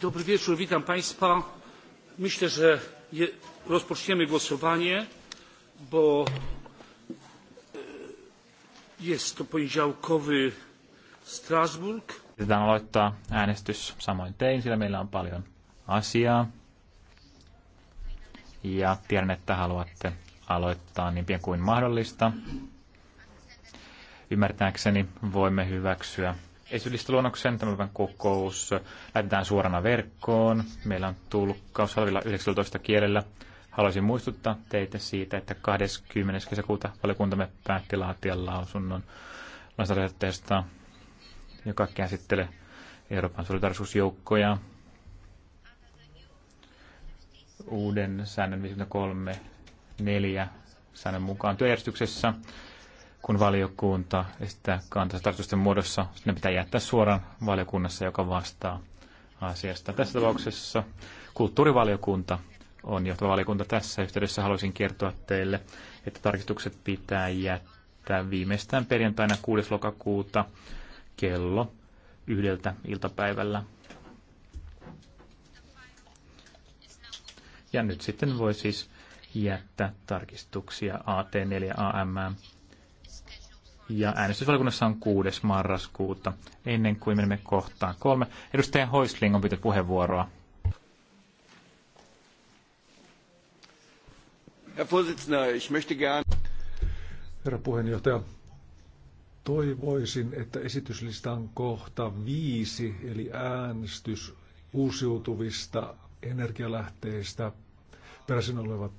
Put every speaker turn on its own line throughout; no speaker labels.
Dobry wieczór, witam Państwa. Myślę, że rozpoczniemy głosowanie, bo e, jest to poniedziałkowy Strasburg.
Yritetään aloittaa äänestys samoin tein, sillä meillä on paljon asiaa. Ja tiedän, että haluatte aloittaa niin pian kuin mahdollista. Ymmärtääkseni voimme hyväksyä esityslistaluonnoksen. Tämän kokous lähetetään suorana verkkoon. Meillä on tulkkaus halvilla 19 kielellä. Haluaisin muistuttaa teitä siitä, että 20. kesäkuuta valiokuntamme päätti laatia lausunnon lainsäädäntötestä, joka käsittelee Euroopan solidarisuusjoukkoja uuden säännön 53.4 säännön mukaan työjärjestyksessä kun valiokunta esittää kantansa tarkoitusten muodossa, ne pitää jättää suoraan valiokunnassa, joka vastaa asiasta. Tässä tapauksessa kulttuurivaliokunta on johtava valiokunta tässä yhteydessä. Haluaisin kertoa teille, että tarkistukset pitää jättää viimeistään perjantaina 6. lokakuuta kello yhdeltä iltapäivällä. Ja nyt sitten voi siis jättää tarkistuksia AT4AM ja äänestysvalikunnassa on 6. marraskuuta, ennen kuin menemme kohtaan kolme. Edustaja Hoisling on pyytänyt puheenvuoroa.
Herra puheenjohtaja, toivoisin, että esityslistan kohta viisi, eli äänestys uusiutuvista energialähteistä peräisin olevat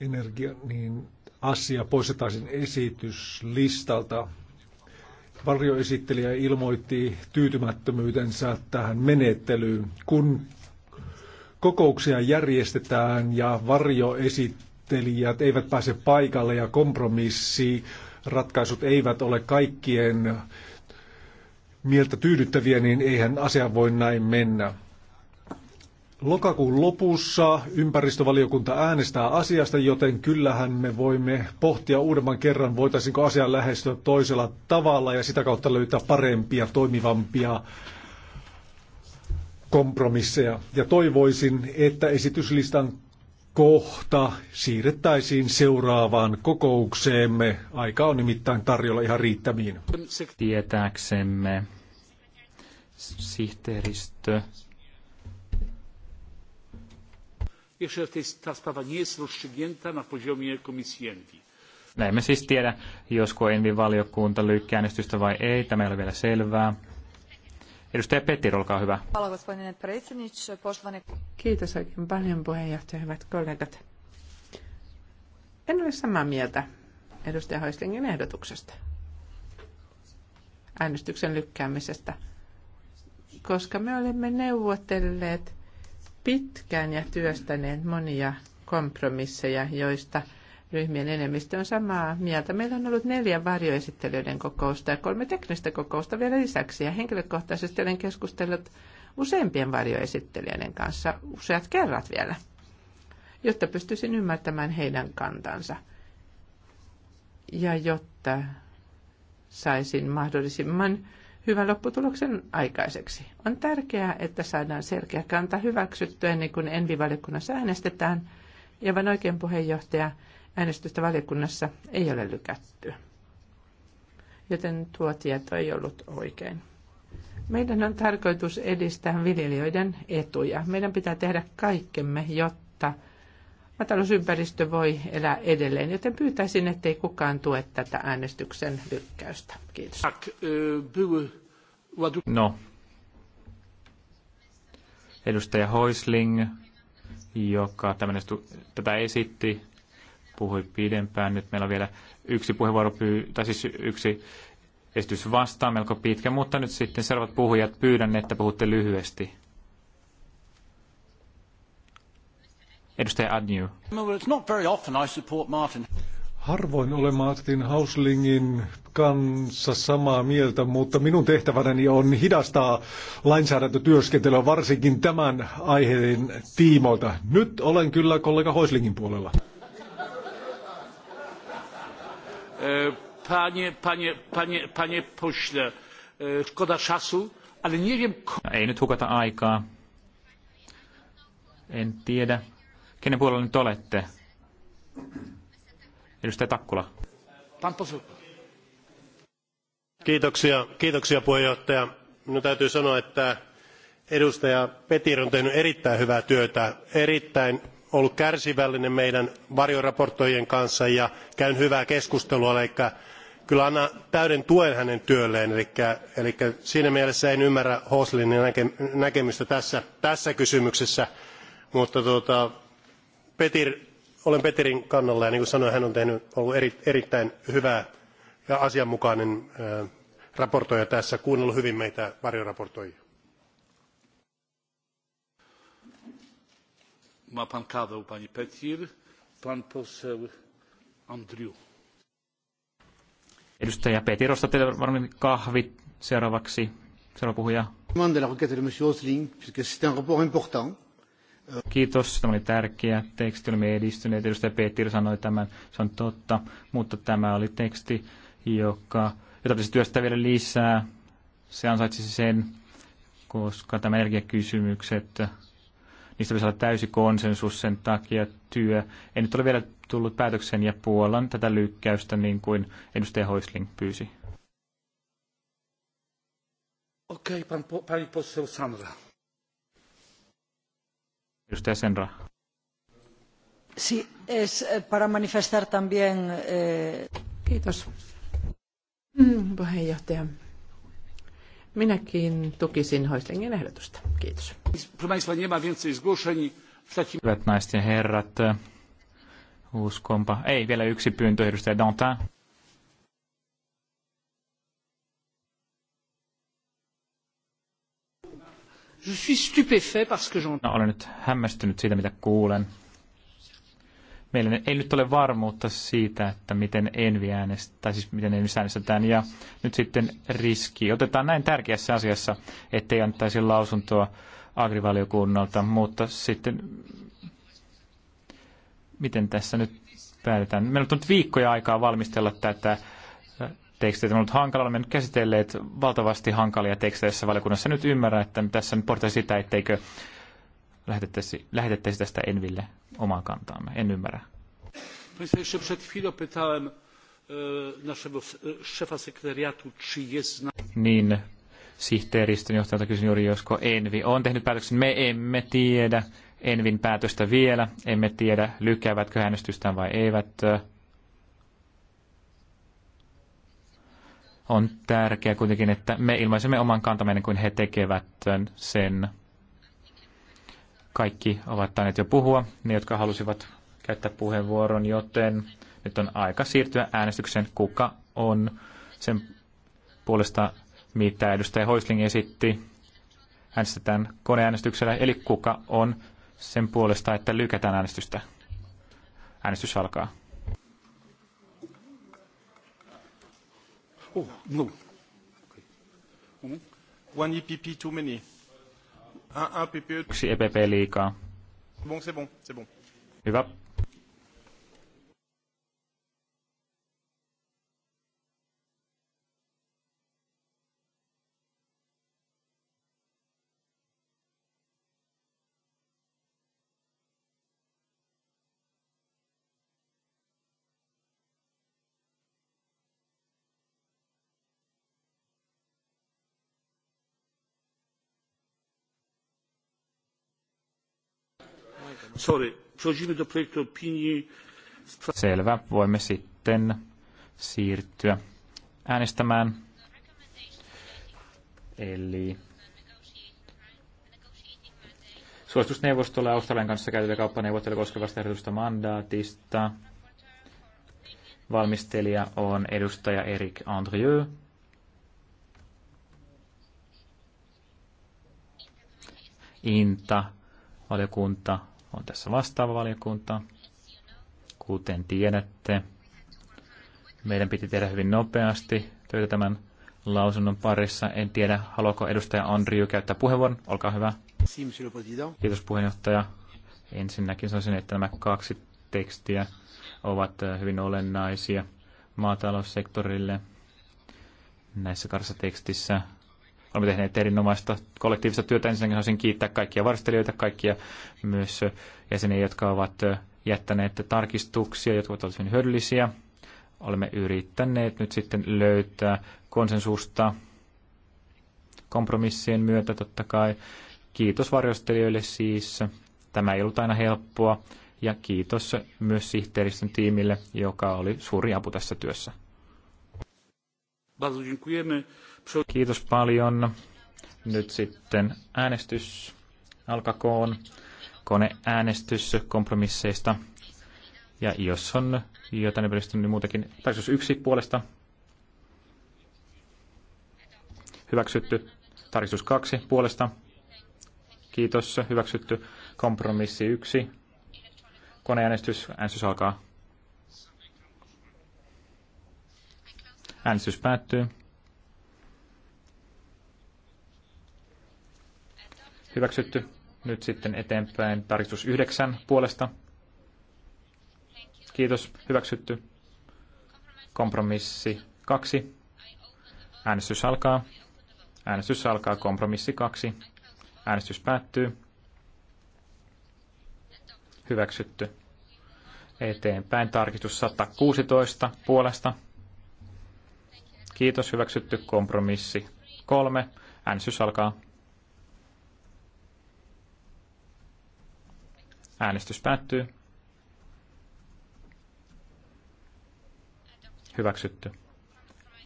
energia, niin asia poistettaisiin esityslistalta. Varjoesittelijä ilmoitti tyytymättömyytensä tähän menettelyyn. Kun kokouksia järjestetään ja varjoesittelijät eivät pääse paikalle ja kompromissi ratkaisut eivät ole kaikkien mieltä tyydyttäviä, niin eihän asia voi näin mennä. Lokakuun lopussa ympäristövaliokunta äänestää asiasta, joten kyllähän me voimme pohtia uudemman kerran, voitaisiinko asiaa lähestyä toisella tavalla ja sitä kautta löytää parempia, toimivampia kompromisseja. Ja toivoisin, että esityslistan kohta siirrettäisiin seuraavaan kokoukseemme. Aika on nimittäin tarjolla ihan riittämiin. Tietääksemme
sihteeristö
Jeszcze ta sprawa nie jest rozstrzygnięta na poziomie komisji ENVI.
Me no emme siis tiedä, josko Envi-valiokunta lykkää äänestystä vai ei. Tämä ei ole vielä selvää. Edustaja Petir, olkaa hyvä.
Kiitos oikein paljon puheenjohtaja, hyvät kollegat. En ole samaa mieltä edustaja Hoislingin ehdotuksesta äänestyksen lykkäämisestä, koska me olemme neuvotelleet pitkään ja työstäneet monia kompromisseja, joista ryhmien enemmistö on samaa mieltä. Meillä on ollut neljä varjoesittelyiden kokousta ja kolme teknistä kokousta vielä lisäksi. Ja henkilökohtaisesti olen keskustellut useimpien varjoesittelijöiden kanssa useat kerrat vielä, jotta pystyisin ymmärtämään heidän kantansa. Ja jotta saisin mahdollisimman hyvän lopputuloksen aikaiseksi. On tärkeää, että saadaan selkeä kanta hyväksyttyä ennen kuin envi äänestetään, ja vain oikein puheenjohtaja äänestystä valiokunnassa ei ole lykätty. Joten tuo tieto ei ollut oikein. Meidän on tarkoitus edistää viljelijöiden etuja. Meidän pitää tehdä kaikkemme, jotta – maatalousympäristö voi elää edelleen, joten pyytäisin, ettei kukaan tue tätä äänestyksen lykkäystä.
Kiitos.
No. Edustaja Hoisling, joka tämän tätä esitti, puhui pidempään. Nyt meillä on vielä yksi puheenvuoro, tai siis yksi esitys vastaan melko pitkä, mutta nyt sitten seuraavat puhujat pyydän, että puhutte lyhyesti. Edustaja Agnew.
Harvoin olen Martin Hauslingin kanssa samaa mieltä, mutta minun tehtäväni on hidastaa lainsäädäntötyöskentelyä varsinkin tämän aiheen tiimoilta. Nyt olen kyllä kollega Hauslingin puolella.
E, panie, panie, panie, panie pośle, e, szkoda czasu, ale nie wiem...
No, ei nyt hukata aikaa. En tiedä, Kenen puolella nyt olette? Edustaja Takkula.
Kiitoksia, kiitoksia puheenjohtaja. Minun täytyy sanoa, että edustaja Petir on tehnyt erittäin hyvää työtä, erittäin ollut kärsivällinen meidän varjoraportoijien kanssa ja käyn hyvää keskustelua, eli kyllä anna täyden tuen hänen työlleen. Eli, eli siinä mielessä en ymmärrä Hoslinin näke, näkemystä tässä, tässä kysymyksessä, mutta tuota, Petir, olen Petirin kannalla ja niin kuin sanoin, hän on ollut erittäin hyvä ja asianmukainen esittelijä raportoija tässä, kuunnellut hyvin meitä varjoesittelijöitä.
Ma pan Petir. Andriu.
Edustaja Petir, ostatte varmaan kahvit seuraavaksi. Seuraava puhuja.
Osling, puisque c'est un rapport important
Kiitos, tämä oli tärkeä teksti, olimme edistyneet. Edustaja Petir sanoi tämän, se on totta, mutta tämä oli teksti, joka, jota pitäisi työstää vielä lisää. Se ansaitsisi sen, koska tämä energiakysymykset, niistä pitäisi olla täysi konsensus sen takia työ. Ei nyt ole vielä tullut päätöksen ja puolan tätä lykkäystä niin kuin edustaja Hoisling pyysi.
Okei, okay, pani poseł Sandra. Edustaja Senra. Sí, es eh, para eh,
mm, Minäkin tukisin Hoislingin ehdotusta. Kiitos.
Hyvät naiset ja herrat, uskonpa. Ei, vielä yksi pyyntö, edustaja Dantin.
Je suis stupéfait que j'entends.
No, olen nyt hämmästynyt siitä, mitä kuulen. Meillä ei nyt ole varmuutta siitä, että miten envi äänestää, siis miten envi äänestetään, ja nyt sitten riski. Otetaan näin tärkeässä asiassa, ettei antaisi lausuntoa agrivaliokunnalta, mutta sitten miten tässä nyt päätetään? Meillä on nyt viikkoja aikaa valmistella tätä tekstejä. On ollut hankala, olemme nyt käsitelleet valtavasti hankalia tekstejä tässä valiokunnassa. Nyt ymmärrän, että tässä nyt pohditaan sitä, etteikö lähetettäisi, lähetettäisi tästä Enville omaan kantaamme. En ymmärrä.
E, e,
niin, sihteeristön johtajalta kysyn juuri, josko Envi on tehnyt päätöksen. Me emme tiedä Envin päätöstä vielä. Emme tiedä, lykkäävätkö äänestystään vai eivät. on tärkeää kuitenkin, että me ilmaisemme oman kantamme ennen kuin he tekevät sen. Kaikki ovat tainneet jo puhua, ne jotka halusivat käyttää puheenvuoron, joten nyt on aika siirtyä äänestykseen, kuka on sen puolesta, mitä edustaja Hoisling esitti. Äänestetään koneäänestyksellä, eli kuka on sen puolesta, että lykätään äänestystä. Äänestys alkaa.
Oh, no. One EPP too many. Un, un PP. Yksi e.
EPP liikaa.
Bon, c'est bon, c'est bon.
Hyvä, Sorry. Przechodzimy do projektu opinii.
Selvä. Voimme sitten siirtyä äänestämään. Eli suositusneuvostolle Australian kanssa käytetään kauppaneuvottelu koskevasta ehdotusta mandaatista. Valmistelija on edustaja Erik Andrieu. Inta, valiokunta on tässä vastaava valiokunta. Kuten tiedätte, meidän piti tehdä hyvin nopeasti töitä tämän lausunnon parissa. En tiedä, haluaako edustaja Andriu käyttää puheenvuoron. Olkaa hyvä. Kiitos puheenjohtaja. Ensinnäkin sanoisin, että nämä kaksi tekstiä ovat äh, hyvin olennaisia maataloussektorille näissä kahdessa tekstissä Olemme tehneet erinomaista kollektiivista työtä. Ensinnäkin haluaisin kiittää kaikkia varustelijoita, kaikkia myös jäseniä, jotka ovat jättäneet tarkistuksia, jotka ovat olleet hyödyllisiä. Olemme yrittäneet nyt sitten löytää konsensusta kompromissien myötä totta kai. Kiitos varjostelijoille siis. Tämä ei ollut aina helppoa. Ja kiitos myös sihteeristön tiimille, joka oli suuri apu tässä työssä.
Bardzo dziękujemy. Kiitos paljon.
Nyt sitten äänestys alkakoon. Koneäänestys kompromisseista. Ja jos on jotain ympäristöä, niin muutenkin. Tai jos siis yksi puolesta. Hyväksytty. Tarkistus kaksi puolesta. Kiitos. Hyväksytty. Kompromissi yksi. Koneäänestys. Äänestys alkaa. Äänestys päättyy. hyväksytty. Nyt sitten eteenpäin tarkistus yhdeksän puolesta. Kiitos, hyväksytty. Kompromissi kaksi. Äänestys alkaa. Äänestys alkaa kompromissi kaksi. Äänestys päättyy. Hyväksytty. Eteenpäin tarkistus 116 puolesta. Kiitos, hyväksytty kompromissi 3. Äänestys alkaa. Äänestys päättyy. Hyväksytty.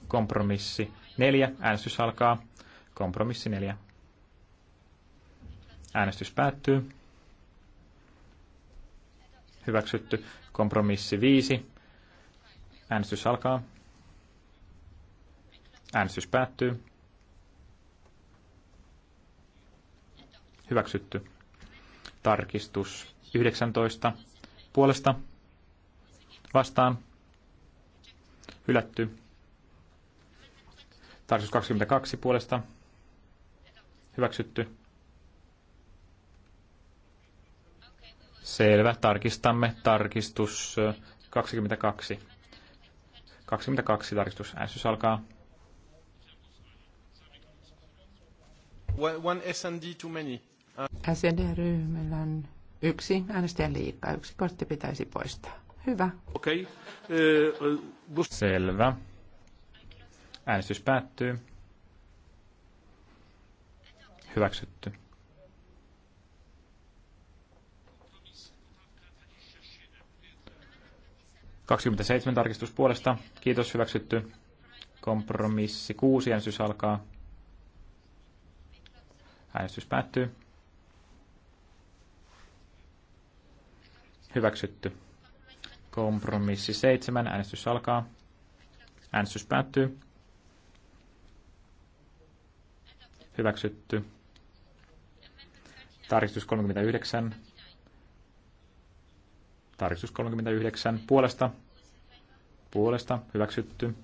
Kompromissi neljä. Äänestys alkaa. Kompromissi neljä. Äänestys päättyy. Hyväksytty. Kompromissi viisi. Äänestys alkaa. Äänestys päättyy. Hyväksytty. Tarkistus 19 puolesta vastaan hylätty. Tarkistus 22 puolesta hyväksytty. Selvä, tarkistamme. Tarkistus 22. 22 tarkistus. Äänestys alkaa.
One, SND too many.
SND-ryhmällä Yksi äänestäjän liikaa. Yksi kortti pitäisi poistaa.
Hyvä. Okei. Okay.
Selvä. Äänestys päättyy. Hyväksytty. Kaksikymmentäseitsemän tarkistus puolesta. Kiitos, hyväksytty. Kompromissi kuusi äänestys alkaa. Äänestys päättyy. Hyväksytty. Kompromissi 7. Äänestys alkaa. Äänestys päättyy. Hyväksytty. Tarkistus 39. Tarkistus 39. Puolesta. Puolesta. Hyväksytty.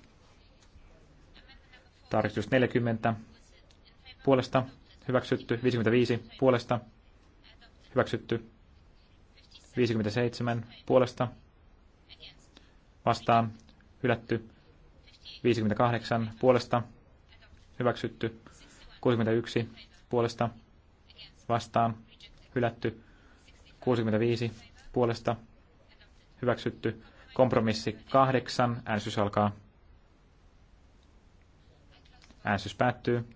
Tarkistus 40. Puolesta. Hyväksytty. 55. Puolesta. Hyväksytty. 57 puolesta vastaan hylätty. 58 puolesta hyväksytty. 61 puolesta vastaan hylätty. 65 puolesta hyväksytty. Kompromissi 8. Äänestys alkaa. Äänestys päättyy.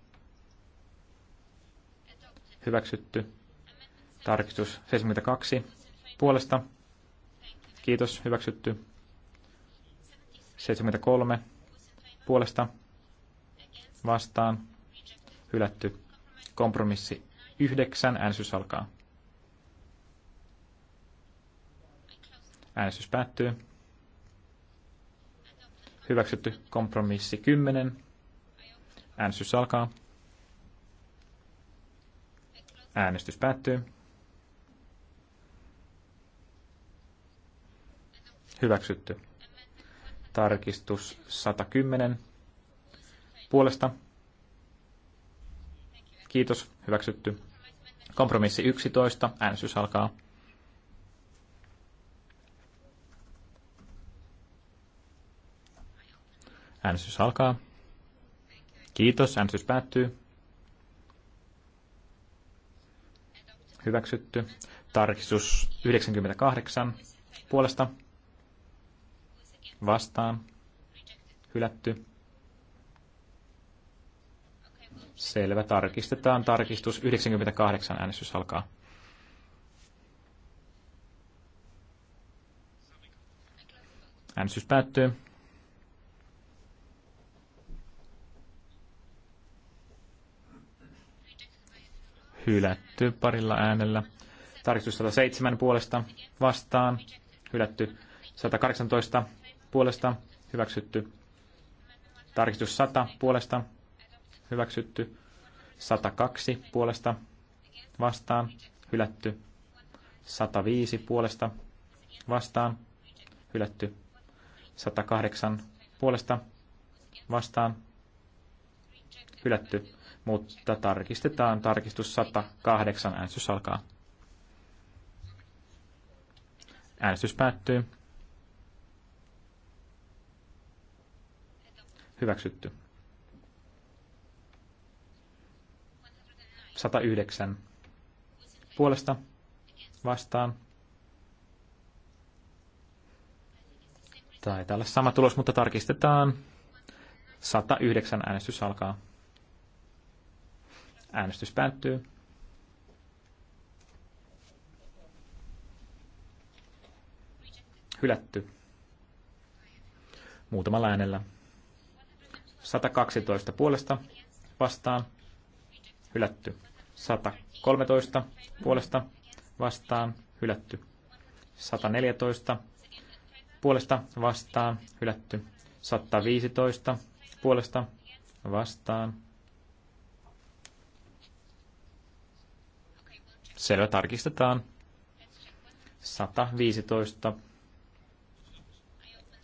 Hyväksytty. Tarkistus 72 puolesta. Kiitos, hyväksytty. 73 puolesta vastaan hylätty. Kompromissi 9, äänestys alkaa. Äänestys päättyy. Hyväksytty kompromissi 10. Äänestys alkaa. Äänestys päättyy. Hyväksytty. Tarkistus 110. Puolesta. Kiitos. Hyväksytty. Kompromissi 11. Äänestys alkaa. Äänestys alkaa. Kiitos. Äänestys päättyy. Hyväksytty. Tarkistus 98 puolesta vastaan, hylätty. Selvä, tarkistetaan. Tarkistus 98 äänestys alkaa. Äänestys päättyy. Hylätty parilla äänellä. Tarkistus 107 puolesta vastaan. Hylätty 118 puolesta hyväksytty. Tarkistus 100 puolesta hyväksytty. 102 puolesta vastaan hylätty. 105 puolesta vastaan hylätty. 108 puolesta vastaan hylätty, mutta tarkistetaan tarkistus 108. Äänestys alkaa. Äänestys päättyy. Hyväksytty. 109. Puolesta vastaan. Taitaa olla sama tulos, mutta tarkistetaan. 109 äänestys alkaa. Äänestys päättyy. Hylätty. Muutamalla äänellä. 112 puolesta vastaan, hylätty. 113 puolesta vastaan, hylätty. 114 puolesta vastaan, hylätty. 115 puolesta vastaan. Selvä, tarkistetaan. 115.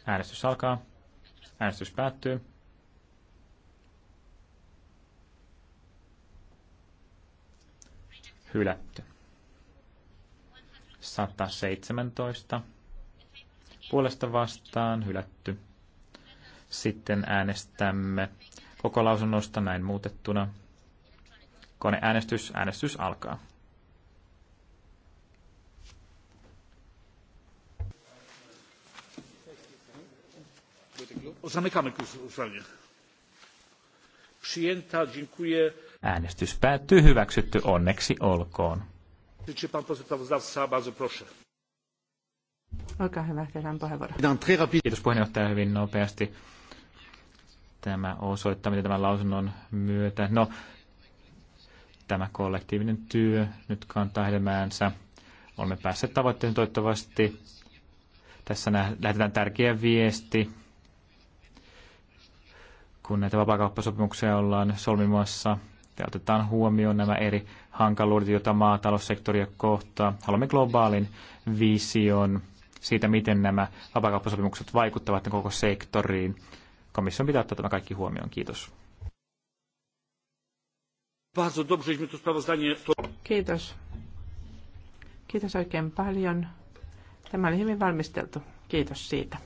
Äänestys alkaa. Äänestys päättyy. hylätty. 117 puolesta vastaan hylätty. Sitten äänestämme koko lausunnosta näin muutettuna. Koneäänestys, äänestys alkaa.
Zamykamy głosowanie. Przyjęta, dziękuję.
Äänestys päättyy hyväksytty, onneksi olkoon.
Olkaa hyvä, tehdään puheenvuoro.
Kiitos puheenjohtaja hyvin nopeasti. Tämä osoittaa, mitä tämän lausunnon myötä. No, tämä kollektiivinen työ nyt kantaa hedelmäänsä. Olemme päässeet tavoitteeseen toivottavasti. Tässä lähetetään tärkeä viesti, kun näitä vapaakauppasopimuksia ollaan solmimassa – ja otetaan huomioon nämä eri hankaluudet, joita maataloussektoria kohtaa. Haluamme globaalin vision siitä, miten nämä vapaakauppasopimukset vaikuttavat koko sektoriin. Komission pitää ottaa tämä kaikki huomioon. Kiitos.
Kiitos. Kiitos oikein paljon. Tämä oli hyvin valmisteltu. Kiitos siitä.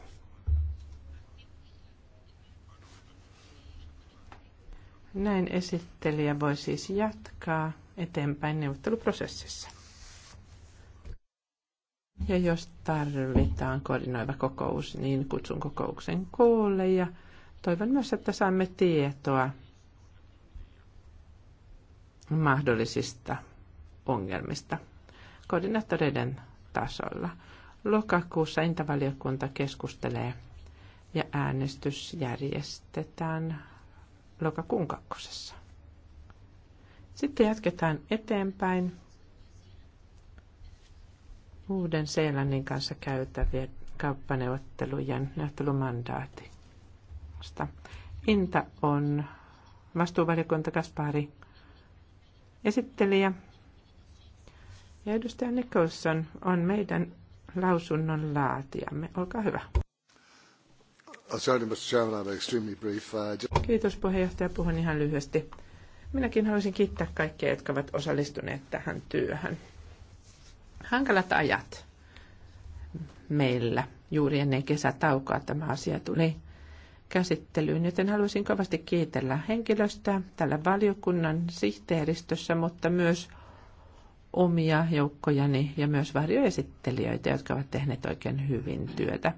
Näin esittelijä voi siis jatkaa eteenpäin neuvotteluprosessissa. Ja jos tarvitaan koordinoiva kokous, niin kutsun kokouksen koolle ja toivon myös, että saamme tietoa mahdollisista ongelmista koordinaattoreiden tasolla. Lokakuussa intavaliokunta keskustelee ja äänestys järjestetään lokakuun kakkosessa. Sitten jatketaan eteenpäin uuden Seelannin kanssa käytäviä kauppaneuvottelujen neuvottelumandaatista. Inta on vastuuvaliokunta Kaspari esittelijä ja edustaja Nicholson on meidän lausunnon laatijamme. Olkaa hyvä. Uh, Kiitos puheenjohtaja, puhun ihan lyhyesti. Minäkin haluaisin kiittää kaikkia, jotka ovat osallistuneet tähän työhön. Hankalat ajat meillä juuri ennen kesätaukoa tämä asia tuli käsittelyyn, joten haluaisin kovasti kiitellä henkilöstöä tällä valiokunnan sihteeristössä, mutta myös omia joukkojani ja myös varjoesittelijöitä, jotka ovat tehneet oikein hyvin työtä.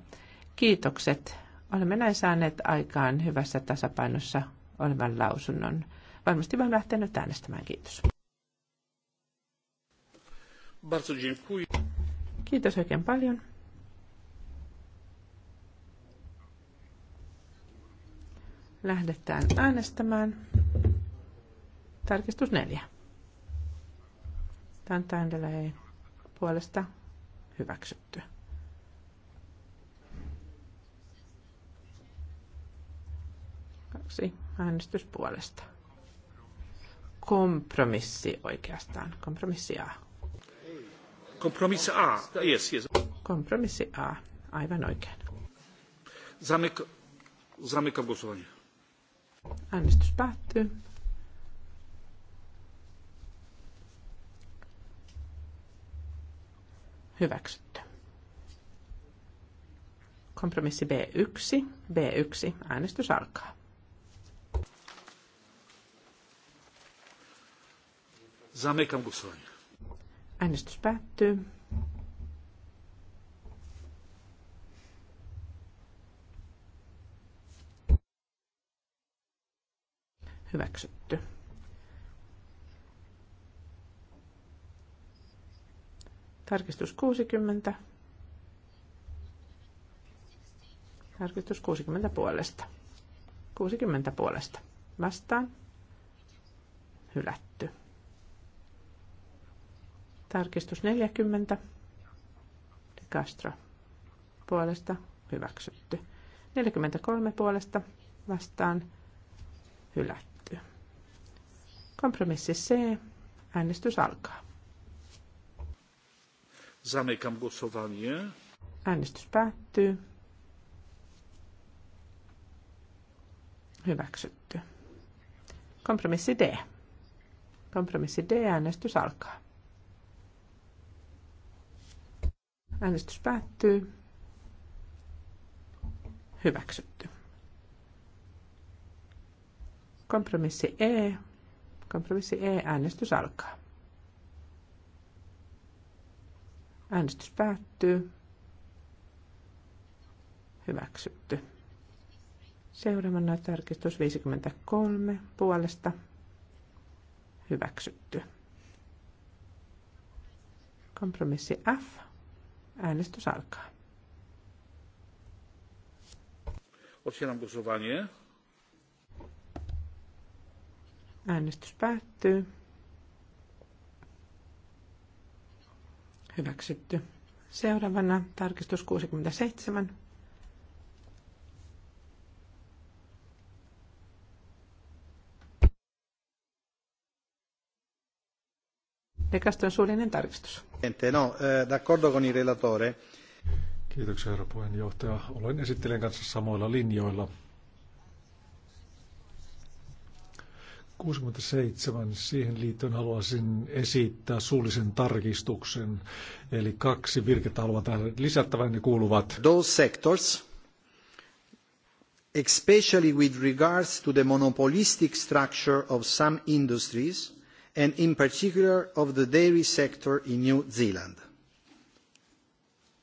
Kiitokset Olemme näin saaneet aikaan hyvässä tasapainossa olevan lausunnon. Varmasti voin lähteä nyt äänestämään. Kiitos. Kiitos oikein paljon. Lähdetään äänestämään. Tarkistus neljä. Tantaendele ei puolesta hyväksytty. kaksi äänestyspuolesta. Kompromissi oikeastaan. Kompromissi A.
Kompromissi A. Yes, yes.
Kompromissi A. Aivan oikein.
Zamyk, zamykam głosowanie.
Äänestys päättyy. Hyväksytty. Kompromissi B1. B1. Äänestys alkaa.
Zamykam głosowanie.
Äänestys päättyy. Hyväksytty. Tarkistus 60. Tarkistus 60 puolesta. 60 puolesta. Vastaan. Hylätty. Tarkistus 40. De Castro puolesta hyväksytty. 43 puolesta vastaan
hylätty.
Kompromissi C. Äänestys alkaa.
Zamykam głosowanie.
Äänestys päättyy. Hyväksytty. Kompromissi D. Kompromissi D. Äänestys alkaa. Äänestys päättyy. Hyväksytty. Kompromissi E. Kompromissi E. Äänestys alkaa. Äänestys päättyy. Hyväksytty. Seuraavana tarkistus 53 puolesta. Hyväksytty. Kompromissi F Äänestys alkaa.
Otwieram głosowanie.
Äänestys päättyy. Hyväksytty. Seuraavana tarkistus 67. De Castron tarkistus.
No, eh, d'accordo con il relatore.
Kiitoksia, herra puheenjohtaja. Olen esittelijän kanssa samoilla linjoilla. 67. Siihen liittyen haluaisin esittää suullisen tarkistuksen. Eli kaksi virkettä haluan tähän lisättävän. Ne kuuluvat. Those sectors, especially
with regards to the monopolistic structure of some industries – and in particular of the dairy sector in New Zealand.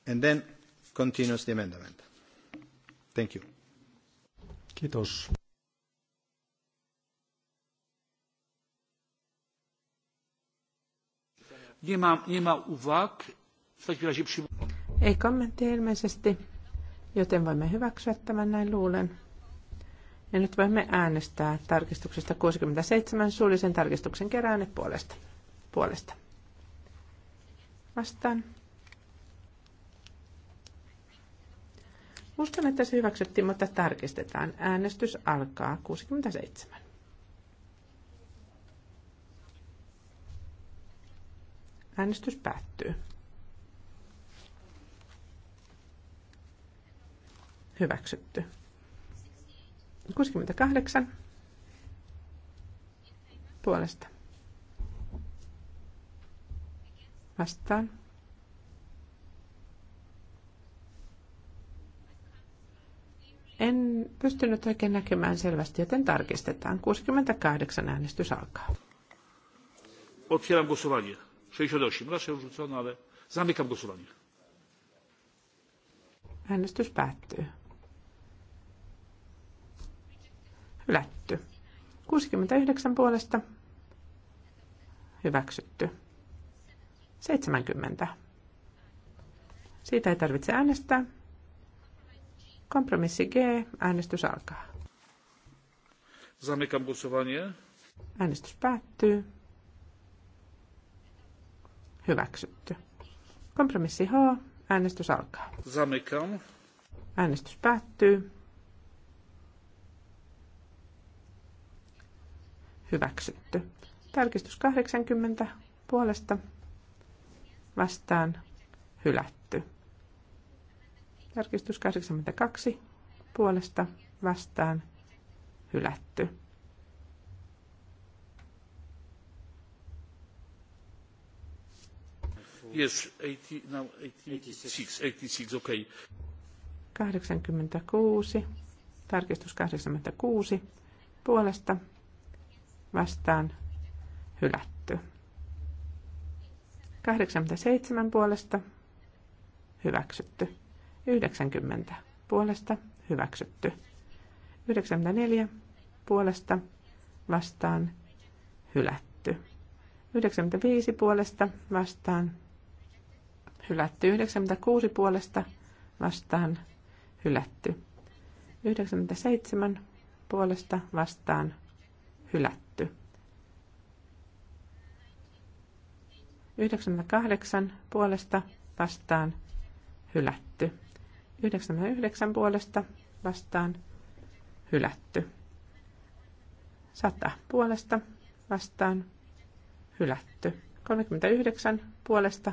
And then continues the amendment. Thank you. Kiitos.
Nie ma, nie ma uwag. W takim razie
Ei kommentteja ilmeisesti, joten voimme hyväksyä tämän näin luulen. Ja nyt voimme äänestää tarkistuksesta 67 suullisen tarkistuksen kerään puolesta. puolesta. Vastaan. Uskon, että se hyväksyttiin, mutta tarkistetaan. Äänestys alkaa 67. Äänestys päättyy. Hyväksytty. 68 puolesta. Vastaan. En pystynyt oikein näkemään selvästi, joten tarkistetaan. 68 äänestys alkaa.
Otwieram głosowanie. 68. Raz się rzucono, ale zamykam głosowanie.
Äänestys päättyy. Hylätty. 69 puolesta. Hyväksytty. 70. Siitä ei tarvitse äänestää. Kompromissi G. Äänestys alkaa.
Zamykam głosowanie.
Äänestys päättyy. Hyväksytty. Kompromissi H. Äänestys alkaa.
Zamykam.
Äänestys päättyy. hyväksytty. Tarkistus 80 puolesta vastaan hylätty. Tarkistus 82 puolesta vastaan hylätty.
Yes, 80, no, 86, 86, okay.
86, tarkistus 86 puolesta vastaan hylätty. 87 puolesta hyväksytty. 90 puolesta hyväksytty. 94 puolesta vastaan hylätty. 95 puolesta vastaan hylätty. 96 puolesta vastaan hylätty. 97 puolesta vastaan hylätty. 98 puolesta vastaan hylätty. 99 puolesta vastaan hylätty. 100 puolesta vastaan hylätty. 39 puolesta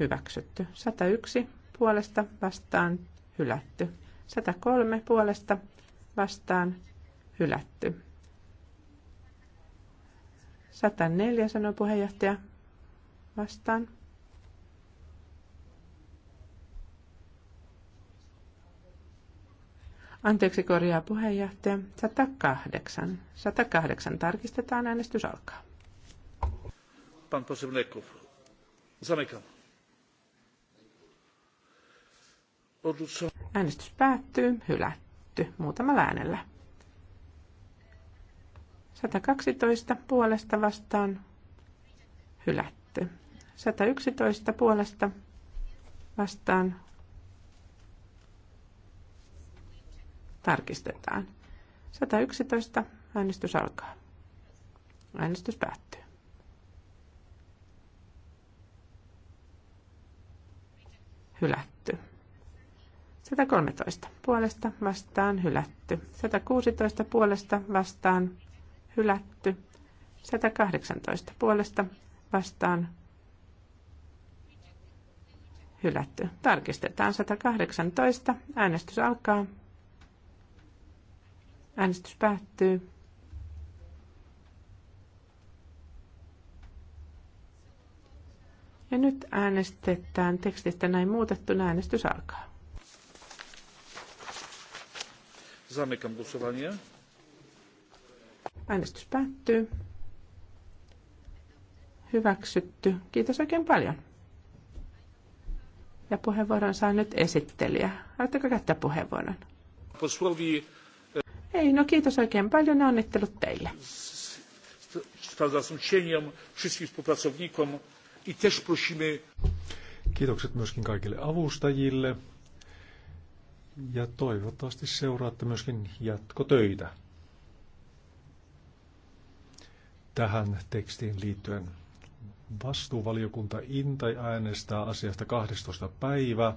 hyväksytty. 101 puolesta vastaan hylätty. 103 puolesta vastaan hylätty. 104, sanoi puheenjohtaja. Vastaan. Anteeksi, korjaa puheenjohtaja. 108. 108. Tarkistetaan. Äänestys alkaa.
Pan poseł Lekov. Zamykam.
Äänestys päättyy. Hylätty. Muutamalla äänellä. 112 puolesta vastaan hylätty. 111 puolesta vastaan tarkistetaan. 111 äänestys alkaa. Äänestys päättyy. Hylätty. 113 puolesta vastaan hylätty. 116 puolesta vastaan hylätty. 118 puolesta vastaan hylätty. Tarkistetaan 118. Äänestys alkaa. Äänestys päättyy. Ja nyt äänestetään tekstistä näin muutettuna. Äänestys alkaa.
Zamykam głosowanie.
Äänestys päättyy. Hyväksytty. Kiitos oikein paljon. Ja puheenvuoron saa nyt esittelijä. Haluatteko käyttää puheenvuoron? E, Ei, no kiitos oikein paljon ja onnittelut teille.
Kiitokset myöskin kaikille avustajille ja toivottavasti seuraatte myöskin jatkotöitä. tähän tekstiin liittyen. Vastuuvaliokunta Intai äänestää asiasta 12. päivä,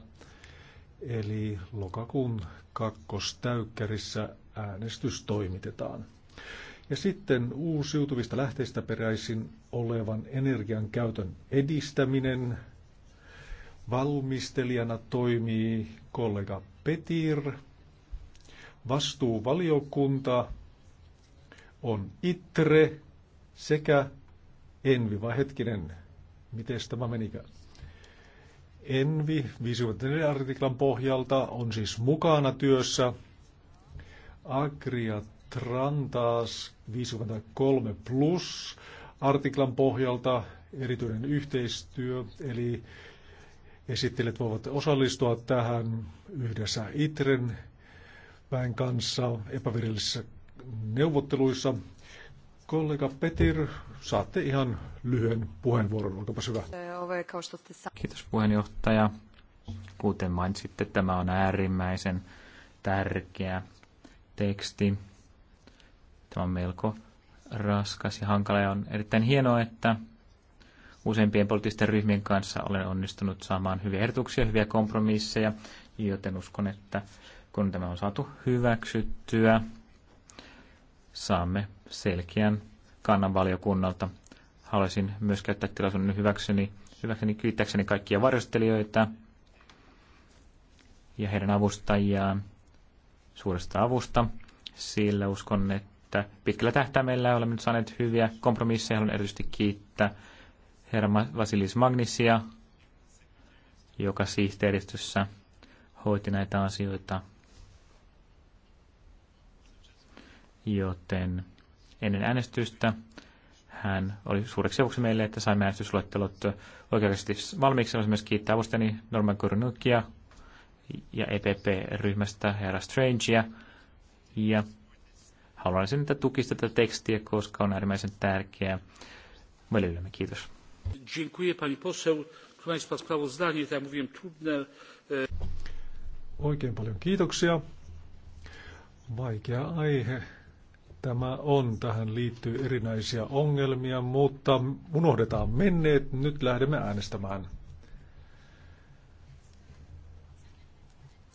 eli lokakuun kakkostäykkärissä äänestys toimitetaan. Ja sitten uusiutuvista lähteistä peräisin olevan energian käytön edistäminen. Valmistelijana toimii kollega Petir. Vastuuvaliokunta on ITRE, sekä Envi, vai hetkinen, miten tämä menikään? Envi 54 artiklan pohjalta on siis mukana työssä. Agria Trantas 53 plus artiklan pohjalta erityinen yhteistyö, eli esittelijät voivat osallistua tähän yhdessä ITREN väen kanssa epävirallisissa neuvotteluissa. Kollega Petir, saatte ihan lyhyen puheenvuoron, olkapas hyvä.
Kiitos puheenjohtaja. Kuten mainitsitte, tämä on äärimmäisen tärkeä teksti. Tämä on melko raskas ja hankala ja on erittäin hienoa, että useimpien poliittisten ryhmien kanssa olen onnistunut saamaan hyviä ehdotuksia, hyviä kompromisseja, joten uskon, että kun tämä on saatu hyväksyttyä, saamme selkeän kannan valiokunnalta. Haluaisin myös käyttää tilaisuuden hyväkseni, hyväkseni kiittääkseni kaikkia varjostelijoita ja heidän avustajiaan suuresta avusta, sillä uskon, että pitkällä tähtäimellä olemme nyt saaneet hyviä kompromisseja. Haluan erityisesti kiittää herra Vasilis Magnisia, joka sihteeristössä hoiti näitä asioita joten ennen äänestystä hän oli suureksi avuksi meille, että saimme äänestysluettelot oikeasti valmiiksi. Haluaisin myös kiittää avustani Norman Korunukia ja EPP-ryhmästä herra Strangea. Ja haluaisin, että tukisi tätä tekstiä, koska on äärimmäisen tärkeää.
Välillämme kiitos. E, Oikein paljon kiitoksia. Vaikea aihe Tämä on, tähän liittyy erinäisiä ongelmia, mutta unohdetaan menneet, nyt lähdemme äänestämään.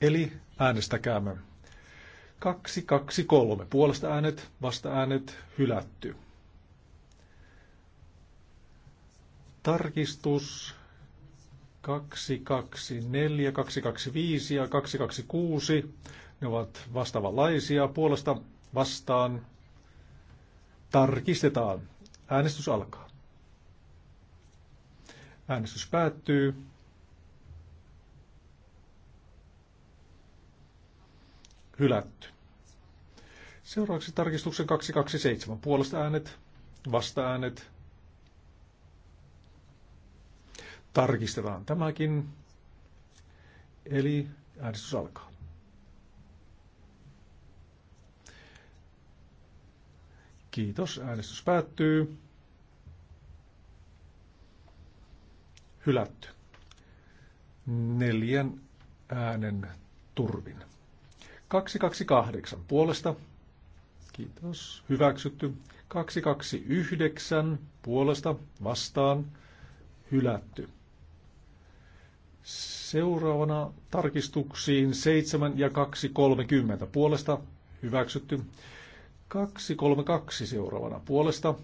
Eli äänestäkäämme. 2, 2, 3. Puolesta äänet, vasta äänet, hylätty. Tarkistus 224, 225 ja 226. Ne ovat vastaavanlaisia. Puolesta vastaan Tarkistetaan. Äänestys alkaa. Äänestys päättyy. Hylätty. Seuraavaksi tarkistuksen 227. Puolesta äänet, vasta äänet. Tarkistetaan tämäkin. Eli äänestys alkaa. Kiitos. Äänestys päättyy. Hylätty. Neljän äänen turvin. 228 puolesta. Kiitos. Hyväksytty. 229 puolesta vastaan. Hylätty. Seuraavana tarkistuksiin 7 ja 230 puolesta. Hyväksytty. 232 seuraavana puolesta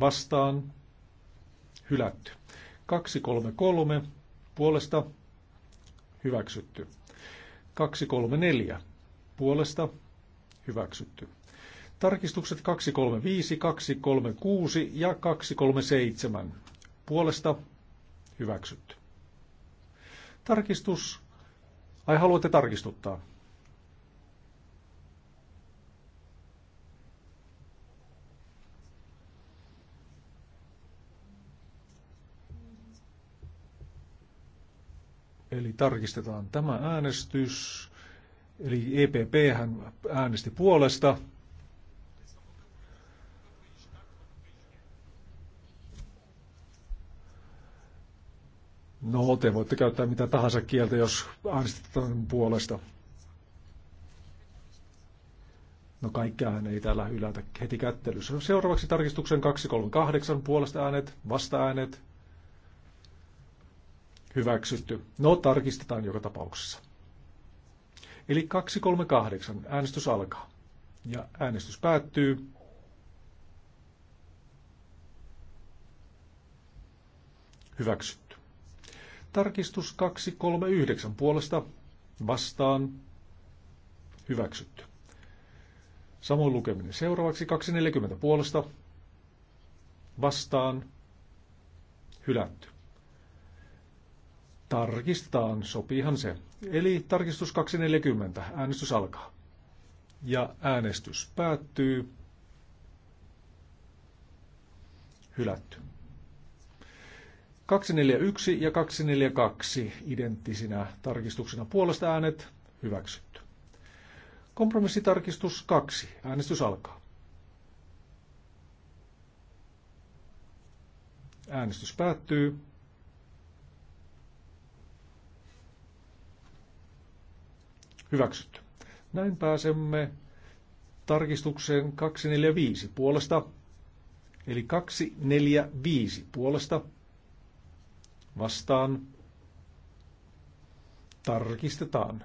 vastaan hylätty. 233 puolesta hyväksytty. 234 puolesta hyväksytty. Tarkistukset 235, 236 ja 237 puolesta hyväksytty. Tarkistus. Ai haluatte tarkistuttaa? Eli tarkistetaan tämä äänestys. Eli EPP hän äänesti puolesta. No, te voitte käyttää mitä tahansa kieltä, jos äänestetään puolesta. No kaikkiahan ei täällä hylätä heti kättelyssä. Seuraavaksi tarkistuksen 238 puolesta äänet, vasta äänet, hyväksytty. No, tarkistetaan joka tapauksessa. Eli 238. Äänestys alkaa. Ja äänestys päättyy. Hyväksytty. Tarkistus 239 puolesta vastaan. Hyväksytty. Samoin lukeminen seuraavaksi 240 puolesta vastaan. Hylätty. Tarkistetaan, sopiihan se. Eli tarkistus 240, äänestys alkaa. Ja äänestys päättyy. Hylätty. 241 ja 242 identtisinä tarkistuksena puolesta äänet hyväksytty. Kompromissitarkistus 2. Äänestys alkaa. Äänestys päättyy. Hyväksytty. Näin pääsemme tarkistukseen 245 puolesta. Eli 245 puolesta vastaan tarkistetaan.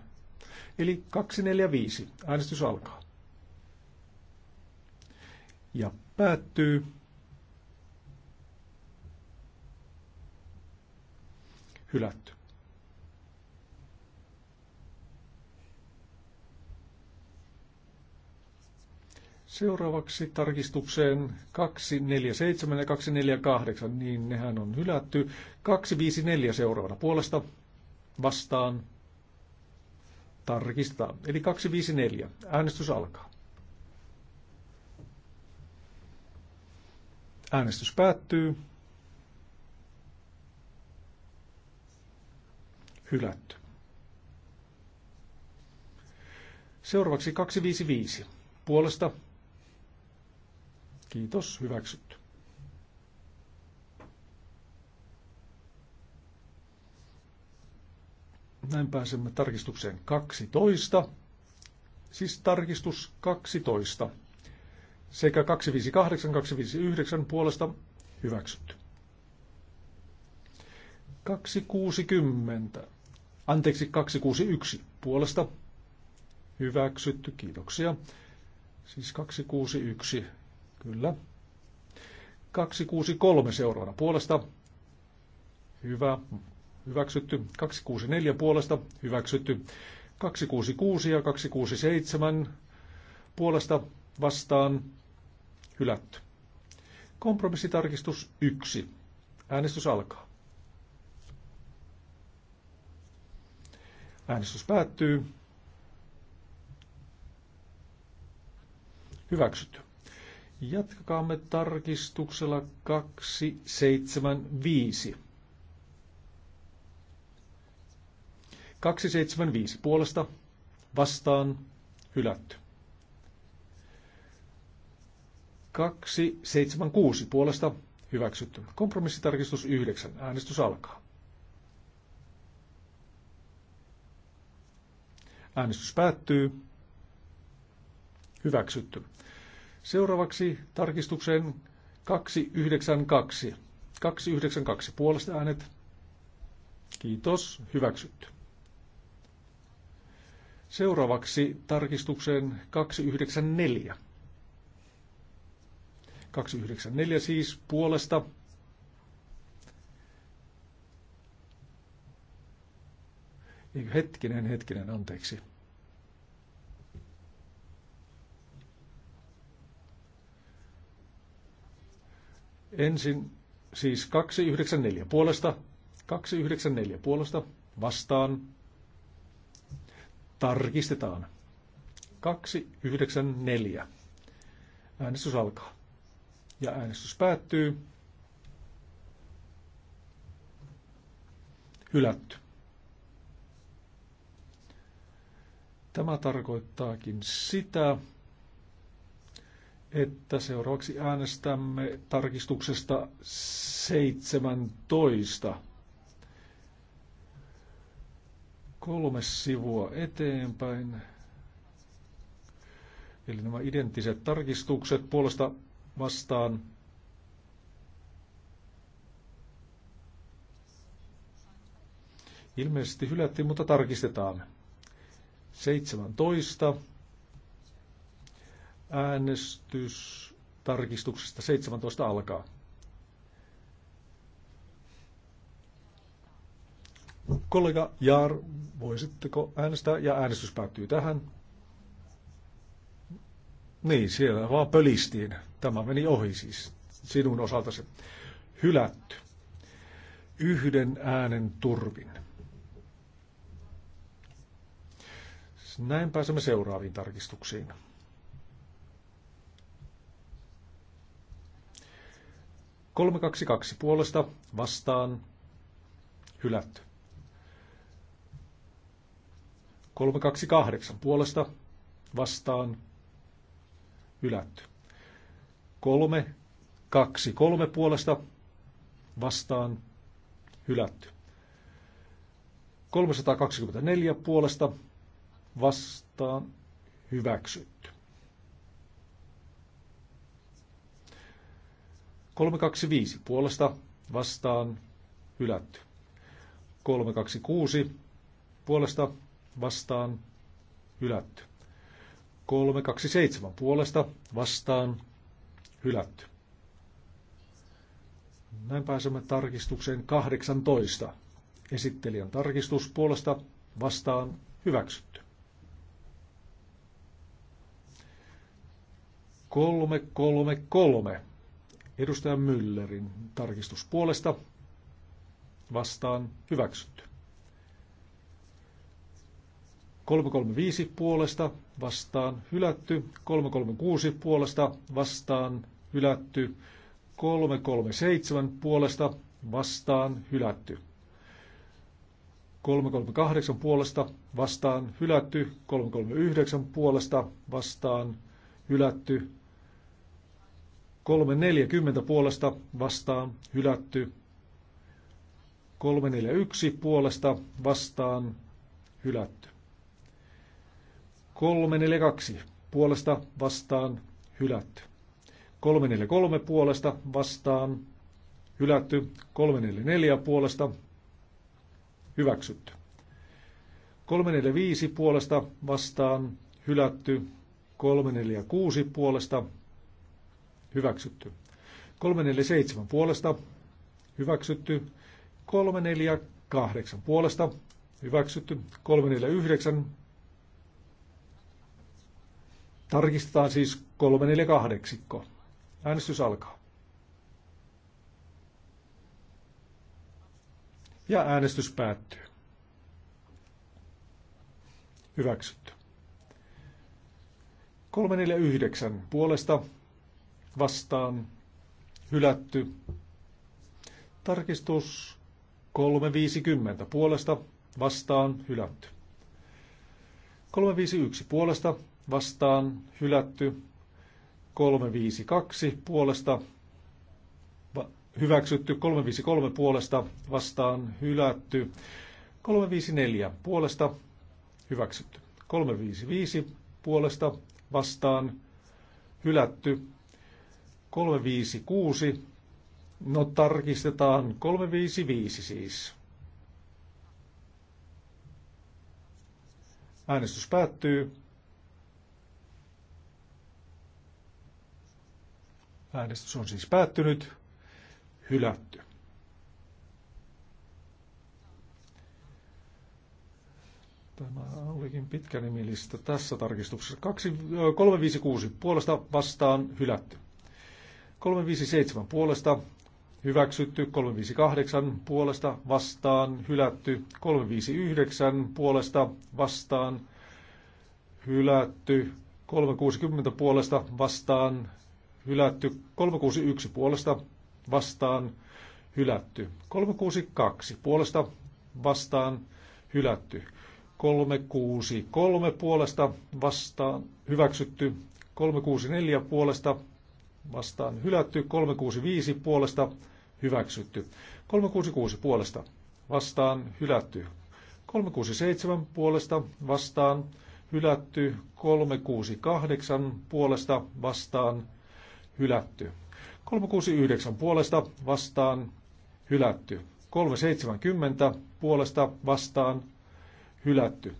Eli 245. Äänestys alkaa. Ja päättyy. Hylätty. Seuraavaksi tarkistukseen 247 ja 248, niin nehän on hylätty. 254 seuraavana puolesta vastaan tarkistetaan. Eli 254. Äänestys alkaa. Äänestys päättyy. Hylätty. Seuraavaksi 255. Puolesta Kiitos, hyväksytty. Näin pääsemme tarkistukseen 12, siis tarkistus 12, sekä 258, 259 puolesta hyväksytty. 260, anteeksi 261 puolesta hyväksytty, kiitoksia. Siis 261 Kyllä. 263 seuraavana puolesta. Hyvä. Hyväksytty. 264 puolesta. Hyväksytty. 266 ja 267 puolesta vastaan hylätty. Kompromissitarkistus 1. Äänestys alkaa. Äänestys päättyy. Hyväksytty. Jatkakaamme tarkistuksella 275. 275 puolesta vastaan hylätty. 276 puolesta hyväksytty. Kompromissitarkistus 9. Äänestys alkaa. Äänestys päättyy. Hyväksytty. Seuraavaksi tarkistukseen 292. 292 puolesta äänet. Kiitos. Hyväksytty. Seuraavaksi tarkistukseen 294. 294 siis puolesta. Hetkinen, hetkinen, anteeksi. Ensin siis 294 puolesta, 294 puolesta vastaan. Tarkistetaan. 294. Äänestys alkaa. Ja äänestys päättyy. Hylätty. Tämä tarkoittaakin sitä, että seuraavaksi äänestämme tarkistuksesta 17. Kolme sivua eteenpäin. Eli nämä identtiset tarkistukset puolesta vastaan ilmeisesti hylättiin, mutta tarkistetaan. 17. Äänestys tarkistuksesta 17 alkaa. Kollega Jaar, voisitteko äänestää? Ja äänestys päättyy tähän. Niin, siellä vaan pölistiin. Tämä meni ohi siis sinun osaltasi. Hylätty. Yhden äänen turvin. Näin pääsemme seuraaviin tarkistuksiin. 322 puolesta vastaan hylätty. 328 puolesta vastaan hylätty. 323 puolesta vastaan hylätty. 324 puolesta vastaan hyväksytty. 325 puolesta vastaan hylätty. 326 puolesta vastaan hylätty. 327 puolesta vastaan hylätty. Näin pääsemme tarkistukseen 18. Esittelijän tarkistus puolesta vastaan hyväksytty. 333 Edustaja Müllerin tarkistus puolesta vastaan hyväksytty. 335 puolesta vastaan hylätty, 336 puolesta vastaan hylätty, 337 puolesta vastaan hylätty. 338 puolesta vastaan hylätty, 339 puolesta vastaan hylätty, 340 puolesta vastaan hylätty. 341 puolesta vastaan hylätty. 342 puolesta vastaan hylätty. 343 puolesta vastaan hylätty. 344 puolesta hyväksytty. 345 puolesta vastaan hylätty. 346 puolesta hyväksytty. 347 puolesta, hyväksytty. 348 puolesta, hyväksytty. 349, tarkistetaan siis 348. Äänestys alkaa. Ja äänestys päättyy. Hyväksytty. 349 puolesta vastaan hylätty. Tarkistus 350 puolesta vastaan hylätty. 351 puolesta vastaan hylätty. 352 puolesta hyväksytty. 353 puolesta vastaan hylätty. 354 puolesta hyväksytty. 355 puolesta vastaan hylätty. 356. No tarkistetaan 355 siis. Äänestys päättyy. Äänestys on siis päättynyt. Hylätty. Tämä olikin pitkä nimilistä tässä tarkistuksessa. 356 puolesta vastaan hylätty. 357 puolesta hyväksytty, 358 puolesta vastaan hylätty, 359 puolesta vastaan hylätty, 360 puolesta vastaan hylätty, 361 puolesta vastaan hylätty, 362 puolesta vastaan hylätty, 363 puolesta vastaan hyväksytty, 364 puolesta vastaan hylätty, 365 puolesta hyväksytty, 366 puolesta vastaan hylätty, 367 puolesta vastaan hylätty, 368 puolesta vastaan hylätty, 369 puolesta vastaan hylätty, 370 puolesta vastaan hylätty.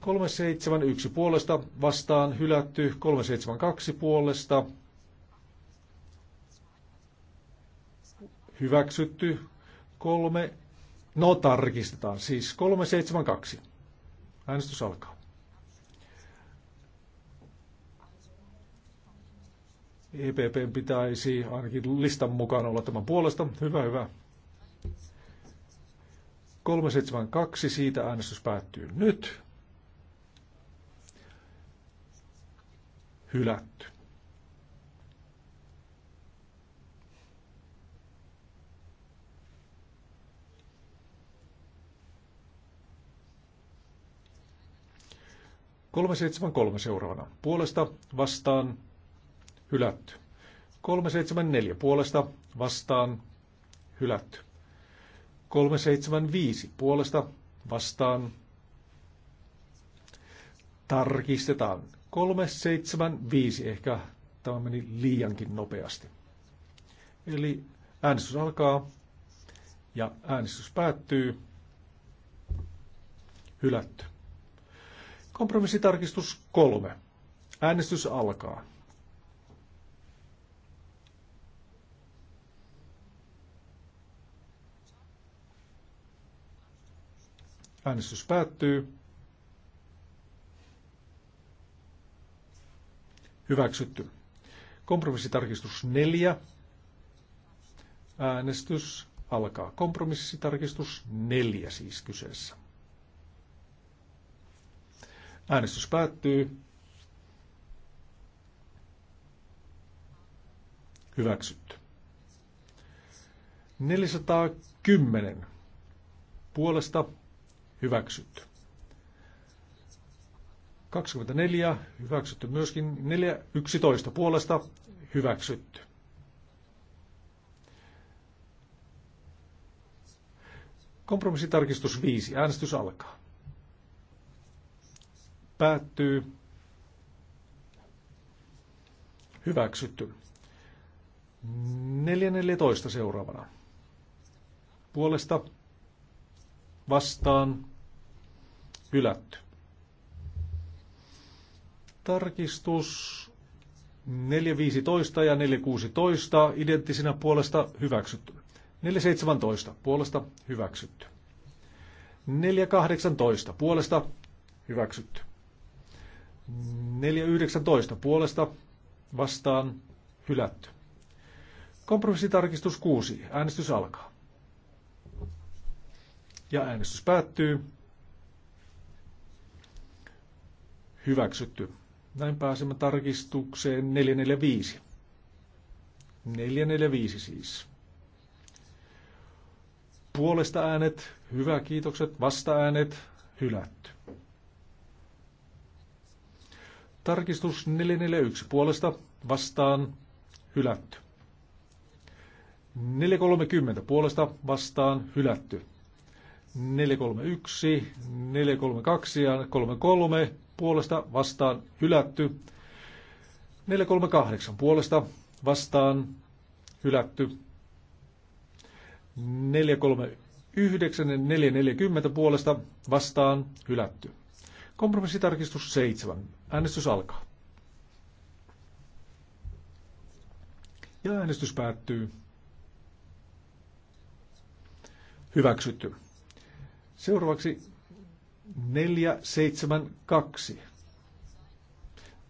371 puolesta vastaan hylätty, 372 puolesta Hyväksytty. Kolme. No tarkistetaan. Siis 372. Äänestys alkaa. EPP pitäisi ainakin listan mukaan olla tämän puolesta. Hyvä, hyvä. 372, siitä äänestys päättyy nyt. Hylätty. 373 seuraavana. Puolesta vastaan hylätty. 374 puolesta vastaan hylätty. 375 puolesta vastaan tarkistetaan. 375 ehkä tämä meni liiankin nopeasti. Eli äänestys alkaa ja äänestys päättyy. Hylätty. Kompromissitarkistus kolme. Äänestys alkaa. Äänestys päättyy. Hyväksytty. Kompromissitarkistus 4. Äänestys alkaa. Kompromissitarkistus 4 siis kyseessä. Äänestys päättyy. Hyväksytty. 410 puolesta hyväksytty. 24 hyväksytty myöskin. 411 puolesta hyväksytty. Kompromissitarkistus 5. Äänestys alkaa päättyy. Hyväksytty. 4.14 seuraavana. Puolesta vastaan hylätty. Tarkistus 4.15 ja 4.16 identtisinä puolesta hyväksytty. 4.17 puolesta hyväksytty. 4.18 puolesta hyväksytty. 419 puolesta vastaan hylätty. Kompromissitarkistus 6. Äänestys alkaa. Ja äänestys päättyy. Hyväksytty. Näin pääsemme tarkistukseen 445. 445 siis. Puolesta äänet, hyvä, kiitokset. Vasta äänet, hylätty. Tarkistus 441 puolesta vastaan hylätty. 430 puolesta vastaan hylätty. 431, 432 ja 33 puolesta vastaan hylätty. 438 puolesta vastaan hylätty. 439 ja 440 puolesta vastaan hylätty. Kompromissitarkistus 7 Äänestys alkaa. Ja äänestys päättyy. Hyväksytty. Seuraavaksi 472.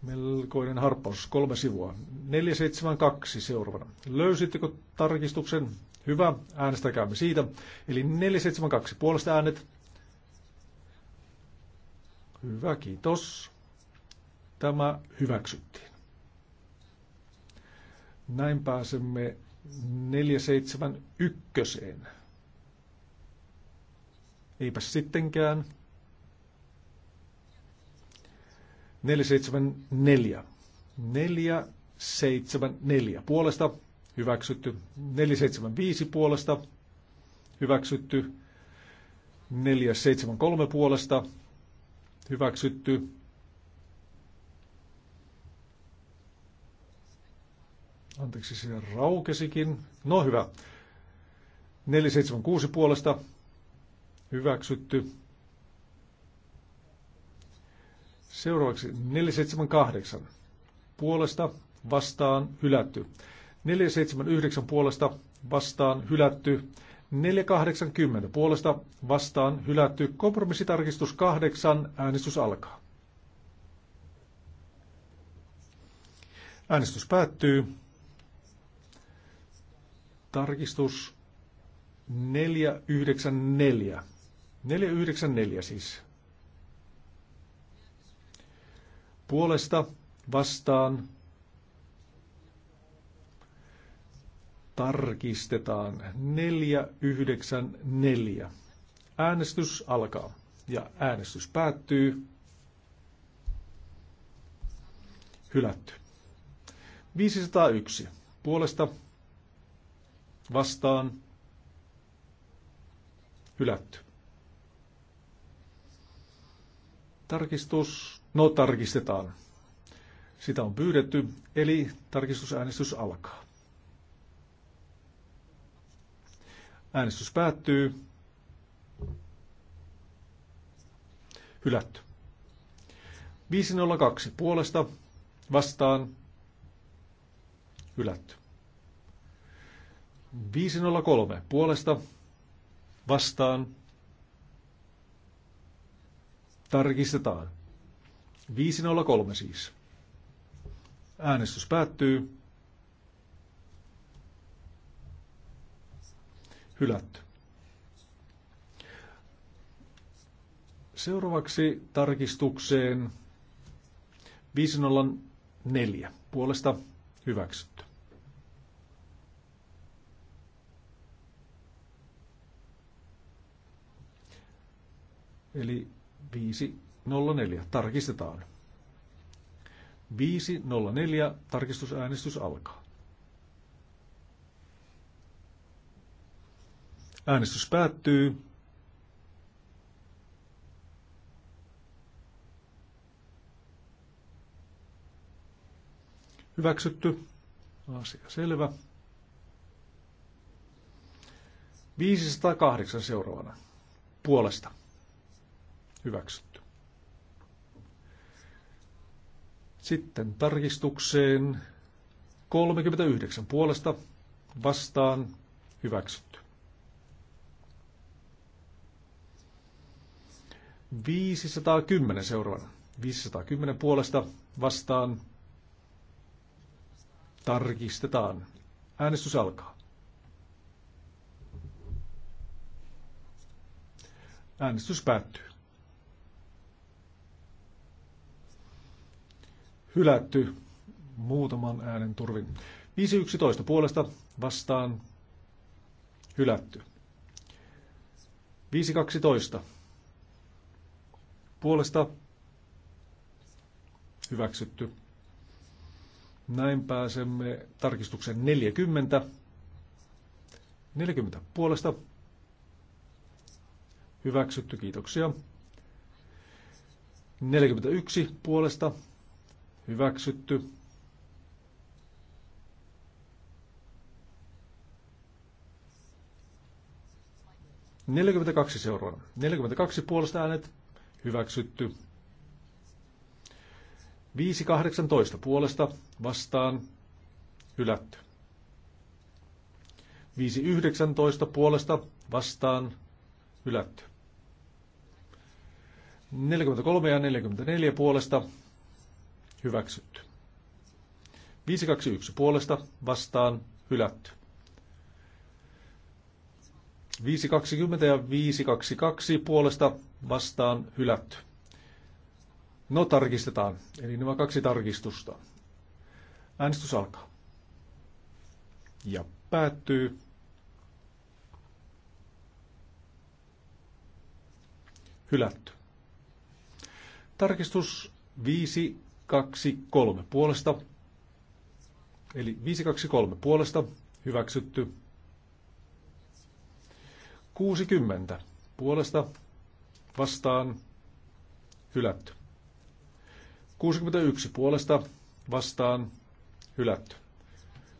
Melkoinen harppaus, kolme sivua. 472 seuraavana. Löysittekö tarkistuksen? Hyvä, äänestäkäämme siitä. Eli 472 puolesta äänet. Hyvä, kiitos. Tämä hyväksyttiin. Näin pääsemme 471. Eipä sittenkään. 474. 474 puolesta hyväksytty. 475 puolesta hyväksytty. 473 puolesta hyväksytty. Anteeksi, se raukesikin. No hyvä. 476 puolesta hyväksytty. Seuraavaksi 478 puolesta vastaan hylätty. 479 puolesta vastaan hylätty. 480 puolesta vastaan hylätty. Kompromissitarkistus 8. Äänestys alkaa. Äänestys päättyy. Tarkistus 494. 494 siis. Puolesta vastaan tarkistetaan 494. Äänestys alkaa ja äänestys päättyy. Hylätty. 501. Puolesta vastaan hylätty. Tarkistus, no tarkistetaan. Sitä on pyydetty, eli tarkistusäänestys alkaa. Äänestys päättyy. Hylätty. 502 puolesta vastaan hylätty. 503 puolesta vastaan. Tarkistetaan. 503 siis. Äänestys päättyy. Hylätty. Seuraavaksi tarkistukseen 504 puolesta hyväksytty. Eli 504. Tarkistetaan. 504. Tarkistusäänestys alkaa. Äänestys päättyy. Hyväksytty. Asia selvä. 508 seuraavana. Puolesta. Hyväksytty. Sitten tarkistukseen 39 puolesta vastaan hyväksytty. 510 seuraavana. 510 puolesta vastaan tarkistetaan. Äänestys alkaa. Äänestys päättyy. hylätty muutaman äänen turvin. 5.11 puolesta vastaan hylätty. 5.12 puolesta hyväksytty. Näin pääsemme tarkistuksen 40. 40 puolesta hyväksytty, kiitoksia. 41 puolesta Hyväksytty. Neljäkymmentäkaksi seuraava. Neljäkymmentäkaksi puolesta äänet. Hyväksytty. toista puolesta vastaan hylätty. toista puolesta vastaan hylätty. 43 ja 44 puolesta Hyväksytty. 521 puolesta vastaan hylätty. 520 ja 522 puolesta vastaan hylätty. No tarkistetaan. Eli nämä kaksi tarkistusta. Äänestys alkaa. Ja päättyy. Hylätty. Tarkistus 5, 523 puolesta. Eli 523 puolesta hyväksytty. 60 puolesta vastaan hylätty. 61 puolesta vastaan hylätty.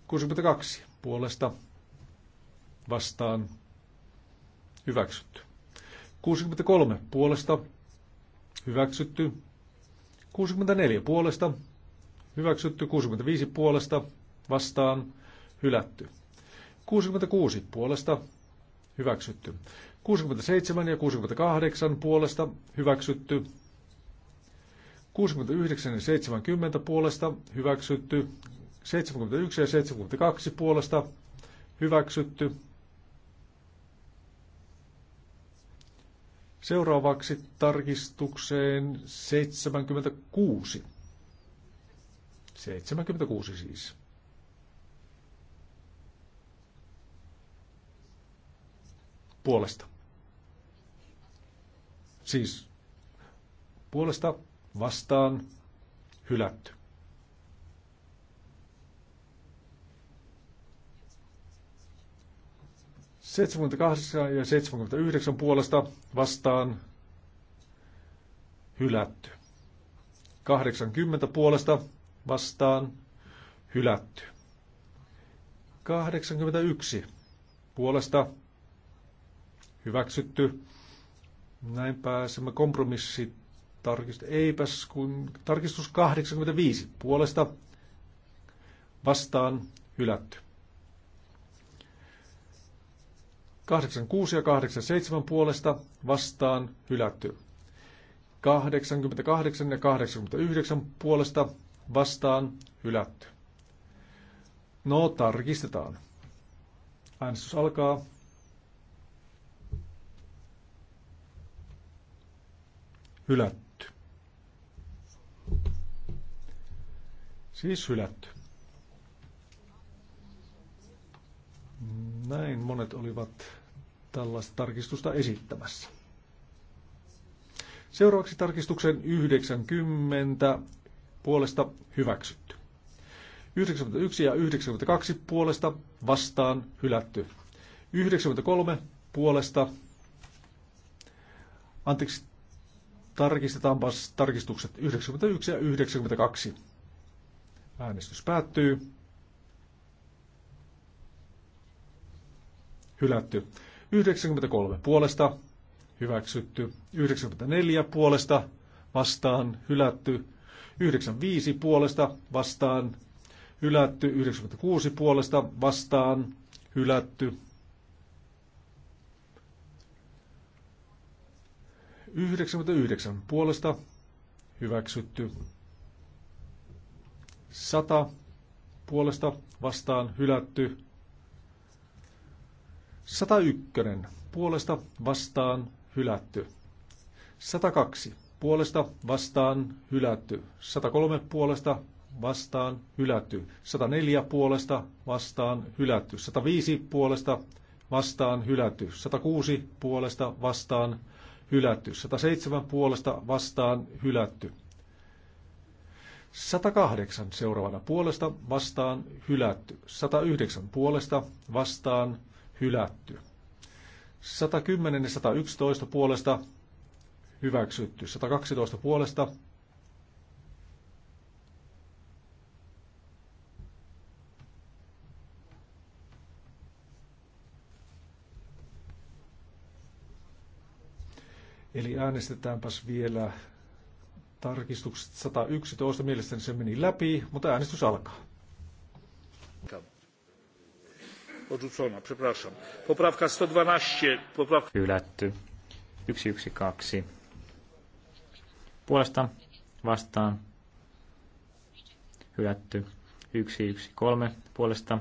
62 puolesta vastaan hyväksytty. 63 puolesta hyväksytty. 64 puolesta, hyväksytty 65 puolesta, vastaan, hylätty. 66 puolesta, hyväksytty. 67 ja 68 puolesta, hyväksytty. 69 ja 70 puolesta, hyväksytty. 71 ja 72 puolesta, hyväksytty. Seuraavaksi tarkistukseen 76. 76 siis. Puolesta. Siis puolesta vastaan hylätty. 78 ja 79 puolesta vastaan hylätty. 80 puolesta vastaan hylätty. 81 puolesta hyväksytty. Näin pääsemme kompromissi tarkistus. eipäs kun tarkistus 85 puolesta vastaan hylätty. 86 ja 87 puolesta vastaan hylätty. 88 ja 89 puolesta vastaan hylätty. No, tarkistetaan. Äänestys alkaa. Hylätty. Siis hylätty. Näin monet olivat tällaista tarkistusta esittämässä. Seuraavaksi tarkistuksen 90 puolesta hyväksytty. 91 ja 92 puolesta vastaan hylätty. 93 puolesta, anteeksi, tarkistetaanpa tarkistukset 91 ja 92. Äänestys päättyy. Hylätty. 93 puolesta hyväksytty, 94 puolesta vastaan hylätty, 95 puolesta vastaan hylätty, 96 puolesta vastaan hylätty, 99 puolesta hyväksytty, 100 puolesta vastaan hylätty, 101. Puolesta vastaan hylätty. 102. Puolesta vastaan hylätty. 103. Puolesta vastaan hylätty. 104. Puolesta vastaan hylätty. 105. Puolesta vastaan hylätty. 106. Puolesta vastaan hylätty. 107. Puolesta vastaan hylätty. 108 seuraavana puolesta vastaan hylätty. 109 puolesta vastaan hylätty. 110 ja 111 puolesta hyväksytty. 112 puolesta Eli äänestetäänpäs vielä tarkistukset 111. Mielestäni se meni läpi, mutta äänestys alkaa.
Come odrzucona, przepraszam. Poprawka 112, poprawka...
Hylätty. 112. Puolesta vastaan. Hylätty. 113 puolesta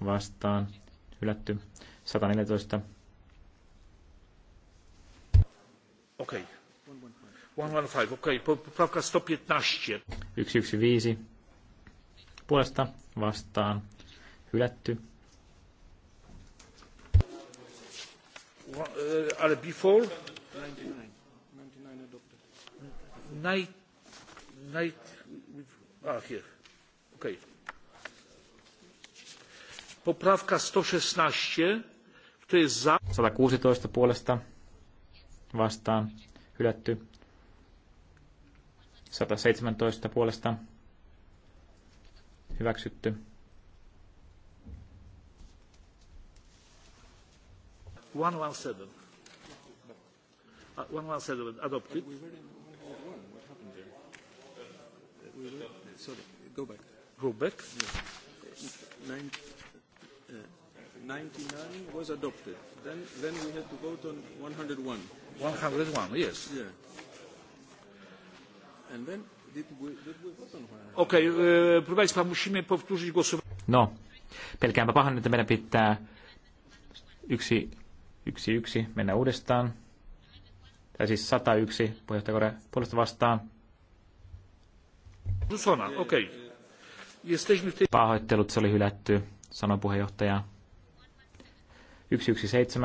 vastaan. Hylätty. 114.
Okei. Okay. 115, okei. Okay. Poprawka 115.
115. Puolesta vastaan. Hylätty.
Uh, ale before 99, 99 adopted. Night, night, ah, Okay. Poprawka 116. Kto jest za?
116 puolesta vastaan hylätty. 117 puolesta hyväksytty.
117. Uh, 117 adopted. Uh, uh, go back. Go
99 uh, was adopted. Then, then we had to vote on 101. 101, yes. Yeah. And then did we, did we vote on 101? Okei, okay,
uh, proszę Państwa, musimy powtórzyć głosowanie.
No, pelkäänpä pahan, että meidän pitää yksi Yksi yksi, mennään uudestaan. Tai siis 101 puheenjohtajakorja puolesta vastaan.
Lusona, okei.
Okay. Pahoittelut, se oli hylätty, sanoi puheenjohtaja. 117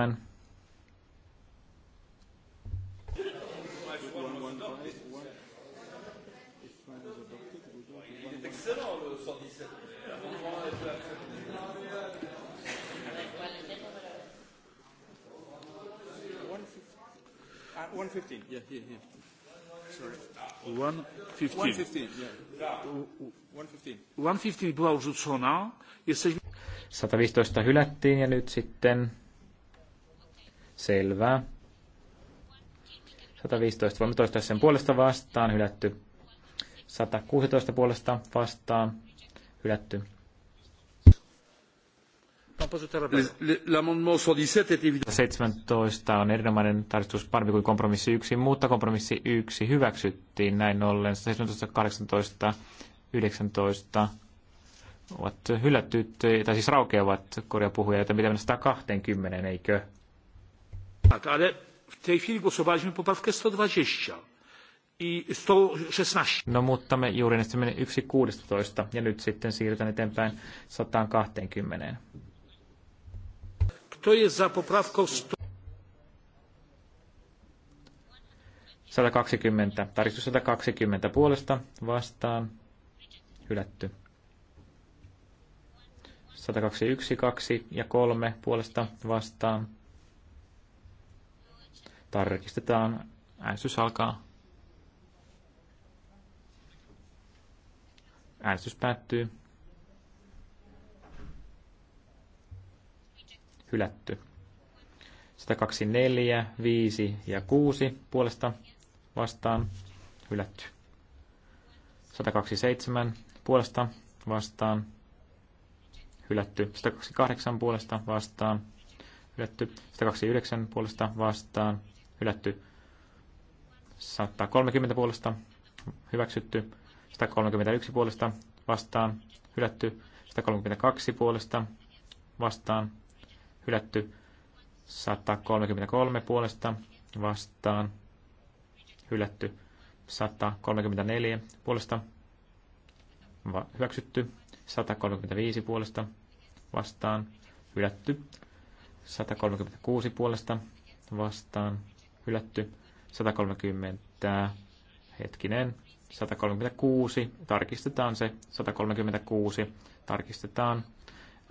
115 była odrzucona. Jesteśmy... 115 hylättiin ja nyt sitten... Selvä. 115 voimme toistaa sen puolesta vastaan, hylätty. 116 puolesta vastaan, hylätty. L'amendement 117 on erinomainen tarkistus parempi kuin kompromissi 1, mutta kompromissi 1 hyväksyttiin näin ollen 17, 18, 19, ovat hylättyt, tai siis raukeavat korjapuhuja, joten mitä mennä 120, eikö?
Tak, ale w tej chwili głosowaliśmy poprawkę 120
i 116. No mutta me juuri näistä meni 1.16 ja nyt sitten siirrytään eteenpäin 120.
Kto jest za poprawką 100?
120. Tarkistus 120 puolesta vastaan. Hylätty. 121, 2 ja 3 puolesta vastaan. Tarkistetaan. Äänestys alkaa. Äänestys päättyy. Hylätty. 124, 5 ja 6 puolesta vastaan. Hylätty. 127 puolesta vastaan hylätty. 128 puolesta vastaan, hylätty. 129 puolesta vastaan, hylätty. 130 puolesta hyväksytty. 131 puolesta vastaan, hylätty. 132 puolesta vastaan, hylätty. 133 puolesta vastaan, hylätty. 134 puolesta hyväksytty. 135 puolesta vastaan hylätty. 136 puolesta vastaan hylätty. 130 hetkinen. 136, tarkistetaan se, 136, tarkistetaan,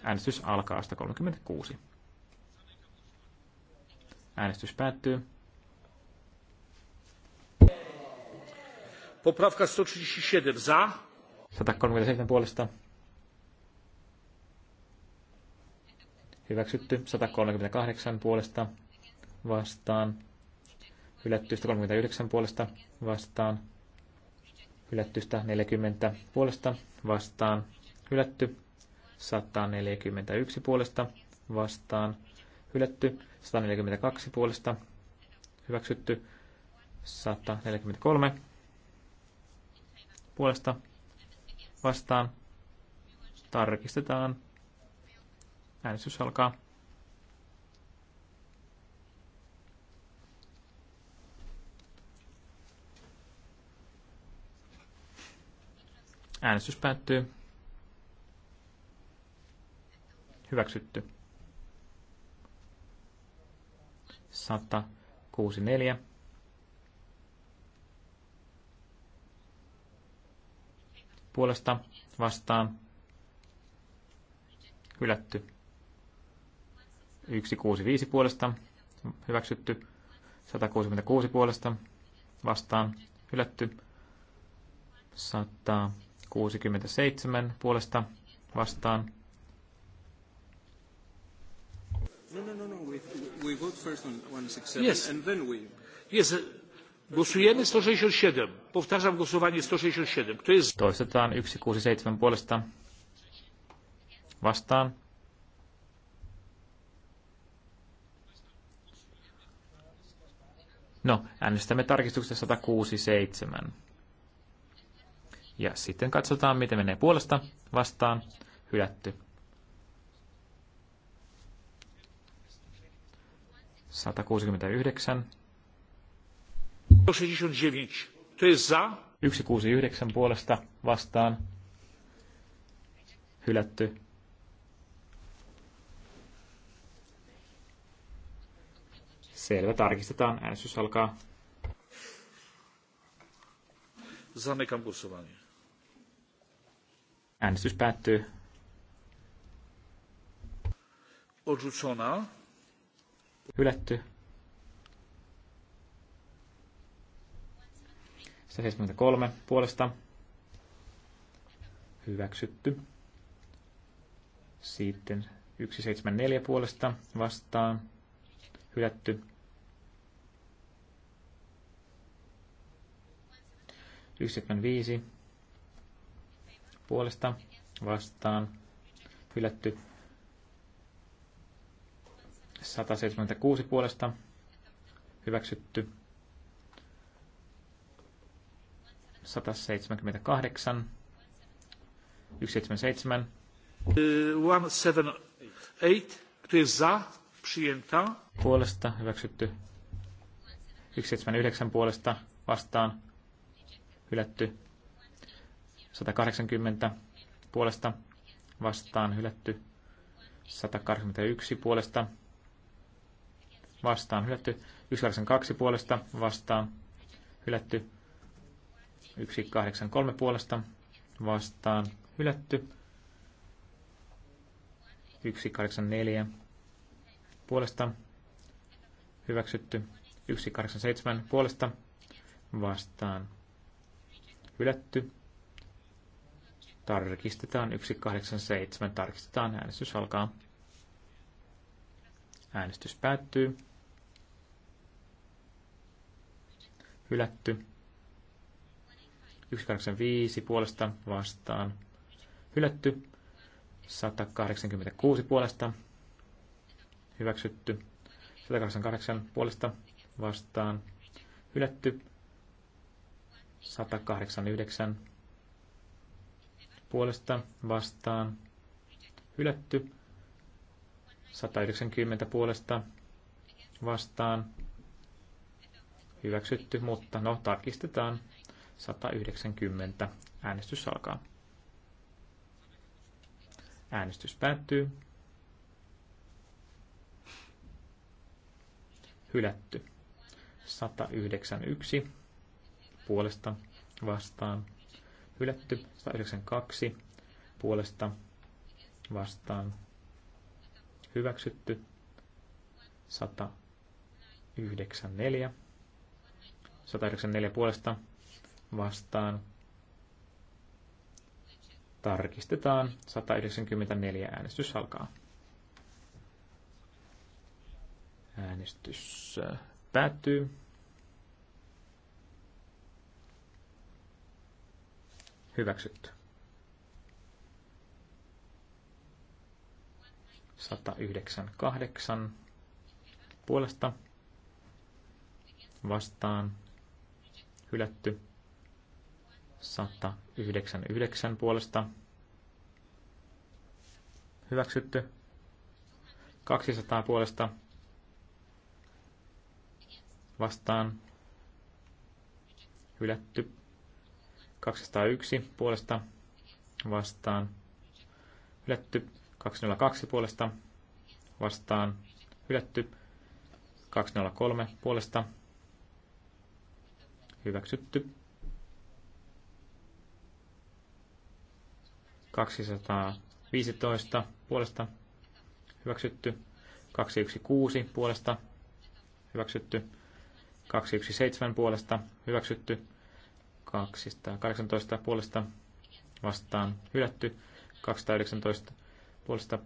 äänestys alkaa 136. Äänestys päättyy.
Poprawka 137 za.
137 puolesta hyväksytty 138 puolesta vastaan, hylätty 139 puolesta vastaan, hylätty 140 puolesta vastaan, hylätty 141 puolesta vastaan, hylätty 142 puolesta, hyväksytty 143 puolesta vastaan, tarkistetaan Äänestys alkaa. Äänestys päättyy. Hyväksytty. 164. Puolesta vastaan. Hylätty. 165 puolesta hyväksytty, 166 puolesta vastaan hylätty, 167 puolesta vastaan.
No,
no, no, no. We, we vote first on 167 yes. and then we...
Yes. E, głosujemy 167. Powtarzam głosowanie 167. Kto jest... To Toistetaan 167 puolesta vastaan
No, äänestämme tarkistuksesta 167. Ja sitten katsotaan, miten menee puolesta vastaan. Hylätty. 169.
169.
169 puolesta vastaan. Hylätty. Selvä, tarkistetaan. Äänestys alkaa.
Zamykam głosowanie.
Äänestys päättyy.
Odrucona.
Hylätty. 173 puolesta. Hyväksytty. Sitten 174 puolesta vastaan. Hylätty. 175 puolesta vastaan hylätty 176 puolesta hyväksytty 178 177
178 kto
puolesta hyväksytty 179 puolesta vastaan hylätty. 180 puolesta vastaan hylätty. 181 puolesta vastaan hylätty. 182 puolesta vastaan hylätty. 183 puolesta vastaan hylätty. 184 puolesta hyväksytty. 187 puolesta vastaan Hylätty. Tarkistetaan 187. Tarkistetaan. Äänestys alkaa. Äänestys päättyy. Hylätty. 185 puolesta vastaan. Hylätty. 186 puolesta. Hyväksytty. 188 puolesta vastaan. Hylätty. 189 puolesta vastaan hylätty. 190 puolesta vastaan hyväksytty, mutta no tarkistetaan 190. Äänestys alkaa. Äänestys päättyy. Hylätty. 191 puolesta vastaan hylätty. 192 puolesta vastaan hyväksytty. 194. 194 puolesta vastaan tarkistetaan. 194 äänestys alkaa. Äänestys äh, päättyy. Hyväksytty. 198 puolesta vastaan hylätty 199 puolesta hyväksytty 200 puolesta vastaan hylätty 201 puolesta vastaan hylätty. 202 puolesta vastaan hylätty. 203 puolesta hyväksytty. 215 puolesta hyväksytty. 216 puolesta hyväksytty. 217 puolesta hyväksytty. 218 puolesta vastaan hylätty, 219 puolesta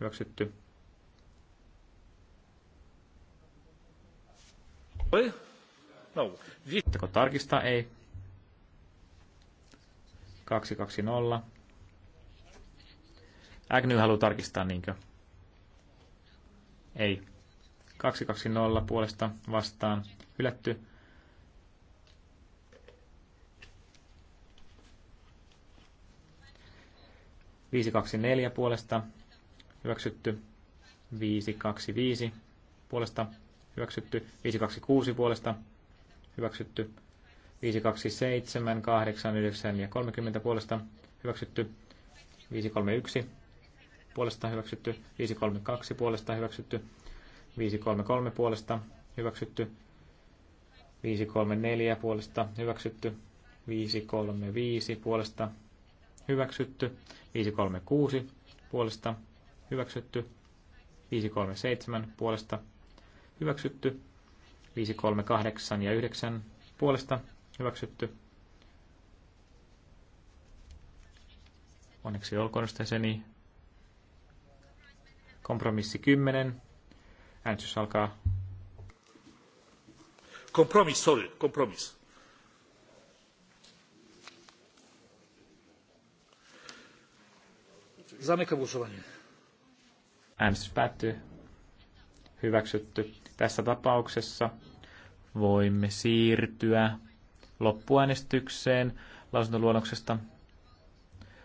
hyväksytty.
Oi? No.
Voitteko tarkistaa? Ei. 220. Agnew haluaa tarkistaa, niinkö? Ei. 220 puolesta vastaan hylätty. 524 puolesta hyväksytty. 525 puolesta hyväksytty. 526 puolesta hyväksytty. 527, 8, 9 ja 30 puolesta hyväksytty. 531 puolesta hyväksytty. 532 puolesta hyväksytty. 533 puolesta hyväksytty. 534 puolesta hyväksytty. 535 puolesta hyväksytty. 536 puolesta hyväksytty. 537 puolesta hyväksytty. 538 ja 9 puolesta hyväksytty. Onneksi olkoon seni. Kompromissi 10. Äänestys alkaa.
Kompromissi, sorry, kompromissi. Zamykam głosowanie.
Äänestys päättyy. Hyväksytty. Tässä tapauksessa voimme siirtyä loppuäänestykseen lausuntoluonnoksesta.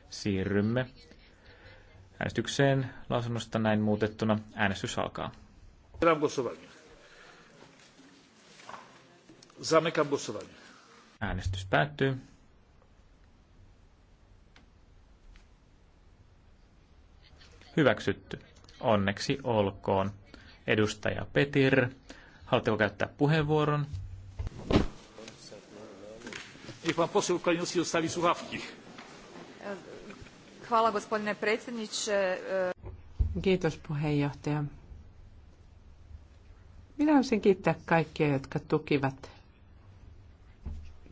Siirrymme äänestykseen lausunnosta näin muutettuna. Äänestys alkaa.
Otwieram głosowanie. Zamykam głosowanie.
Äänestys päättyy. Hyväksytty. Onneksi olkoon. Edustaja Petir, haluatteko käyttää puheenvuoron?
Kiitos puheenjohtaja. Minä haluaisin kiittää kaikkia, jotka tukivat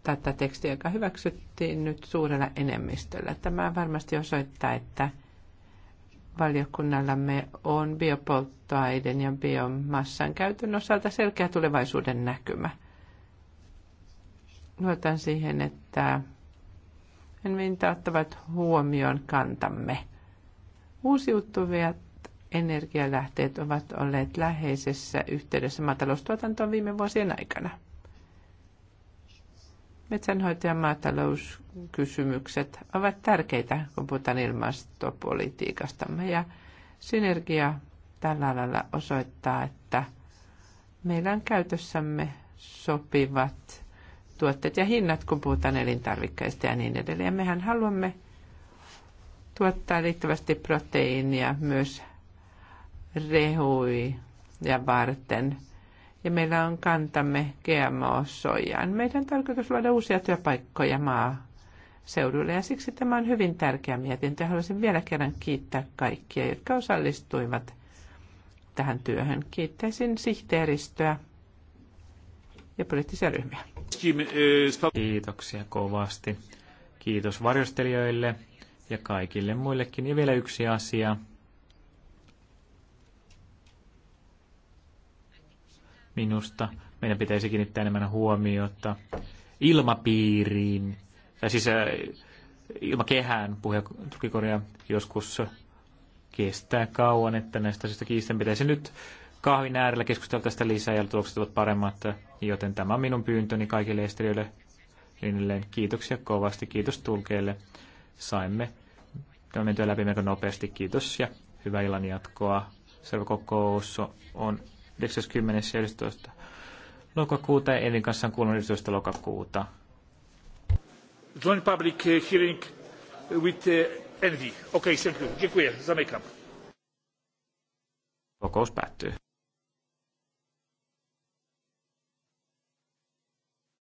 tätä tekstiä, joka hyväksyttiin nyt suurella enemmistöllä. Tämä varmasti osoittaa, että valiokunnallamme on biopolttoaiden ja biomassan käytön osalta selkeä tulevaisuuden näkymä. Luotan siihen, että Envintä ottavat huomioon kantamme. Uusiutuvat energialähteet ovat olleet läheisessä yhteydessä maataloustuotantoon viime vuosien aikana. Metsänhoito- maatalouskysymykset ovat tärkeitä, kun puhutaan ilmastopolitiikastamme. Ja synergia tällä alalla osoittaa, että meillä on käytössämme sopivat tuotteet ja hinnat, kun puhutaan elintarvikkeista ja niin edelleen. Mehän haluamme tuottaa riittävästi proteiinia myös rehui ja varten – ja meillä on kantamme GMO-soijaan. Meidän on tarkoitus luoda uusia työpaikkoja seudulle ja siksi tämä on hyvin tärkeä mietintö. Haluaisin vielä kerran kiittää kaikkia, jotka osallistuivat tähän työhön. Kiittäisin sihteeristöä ja poliittisia ryhmiä.
Kiitoksia kovasti. Kiitos varjostelijoille ja kaikille muillekin. Ja vielä yksi asia. Minusta meidän pitäisi kiinnittää enemmän huomiota ilmapiiriin, tai siis ilmakehään puheentukikorja joskus kestää kauan, että näistä asioista kiisten pitäisi nyt kahvin äärellä keskustella tästä lisää ja tulokset ovat paremmat, joten tämä on minun pyyntöni kaikille esteriöille. Linilleen. Niin kiitoksia kovasti, kiitos tulkeille. Saimme tämä mentyä läpi melko nopeasti, kiitos ja hyvää illan jatkoa. Seuraava kokous on 90. ja 11. lokakuuta ja Elin kanssa on kuulunut 11. lokakuuta.
Join public eh, hearing with Envy. Eh, Okei, okay, thank you. Dziękuję. Zamykam. Kokous päättyy.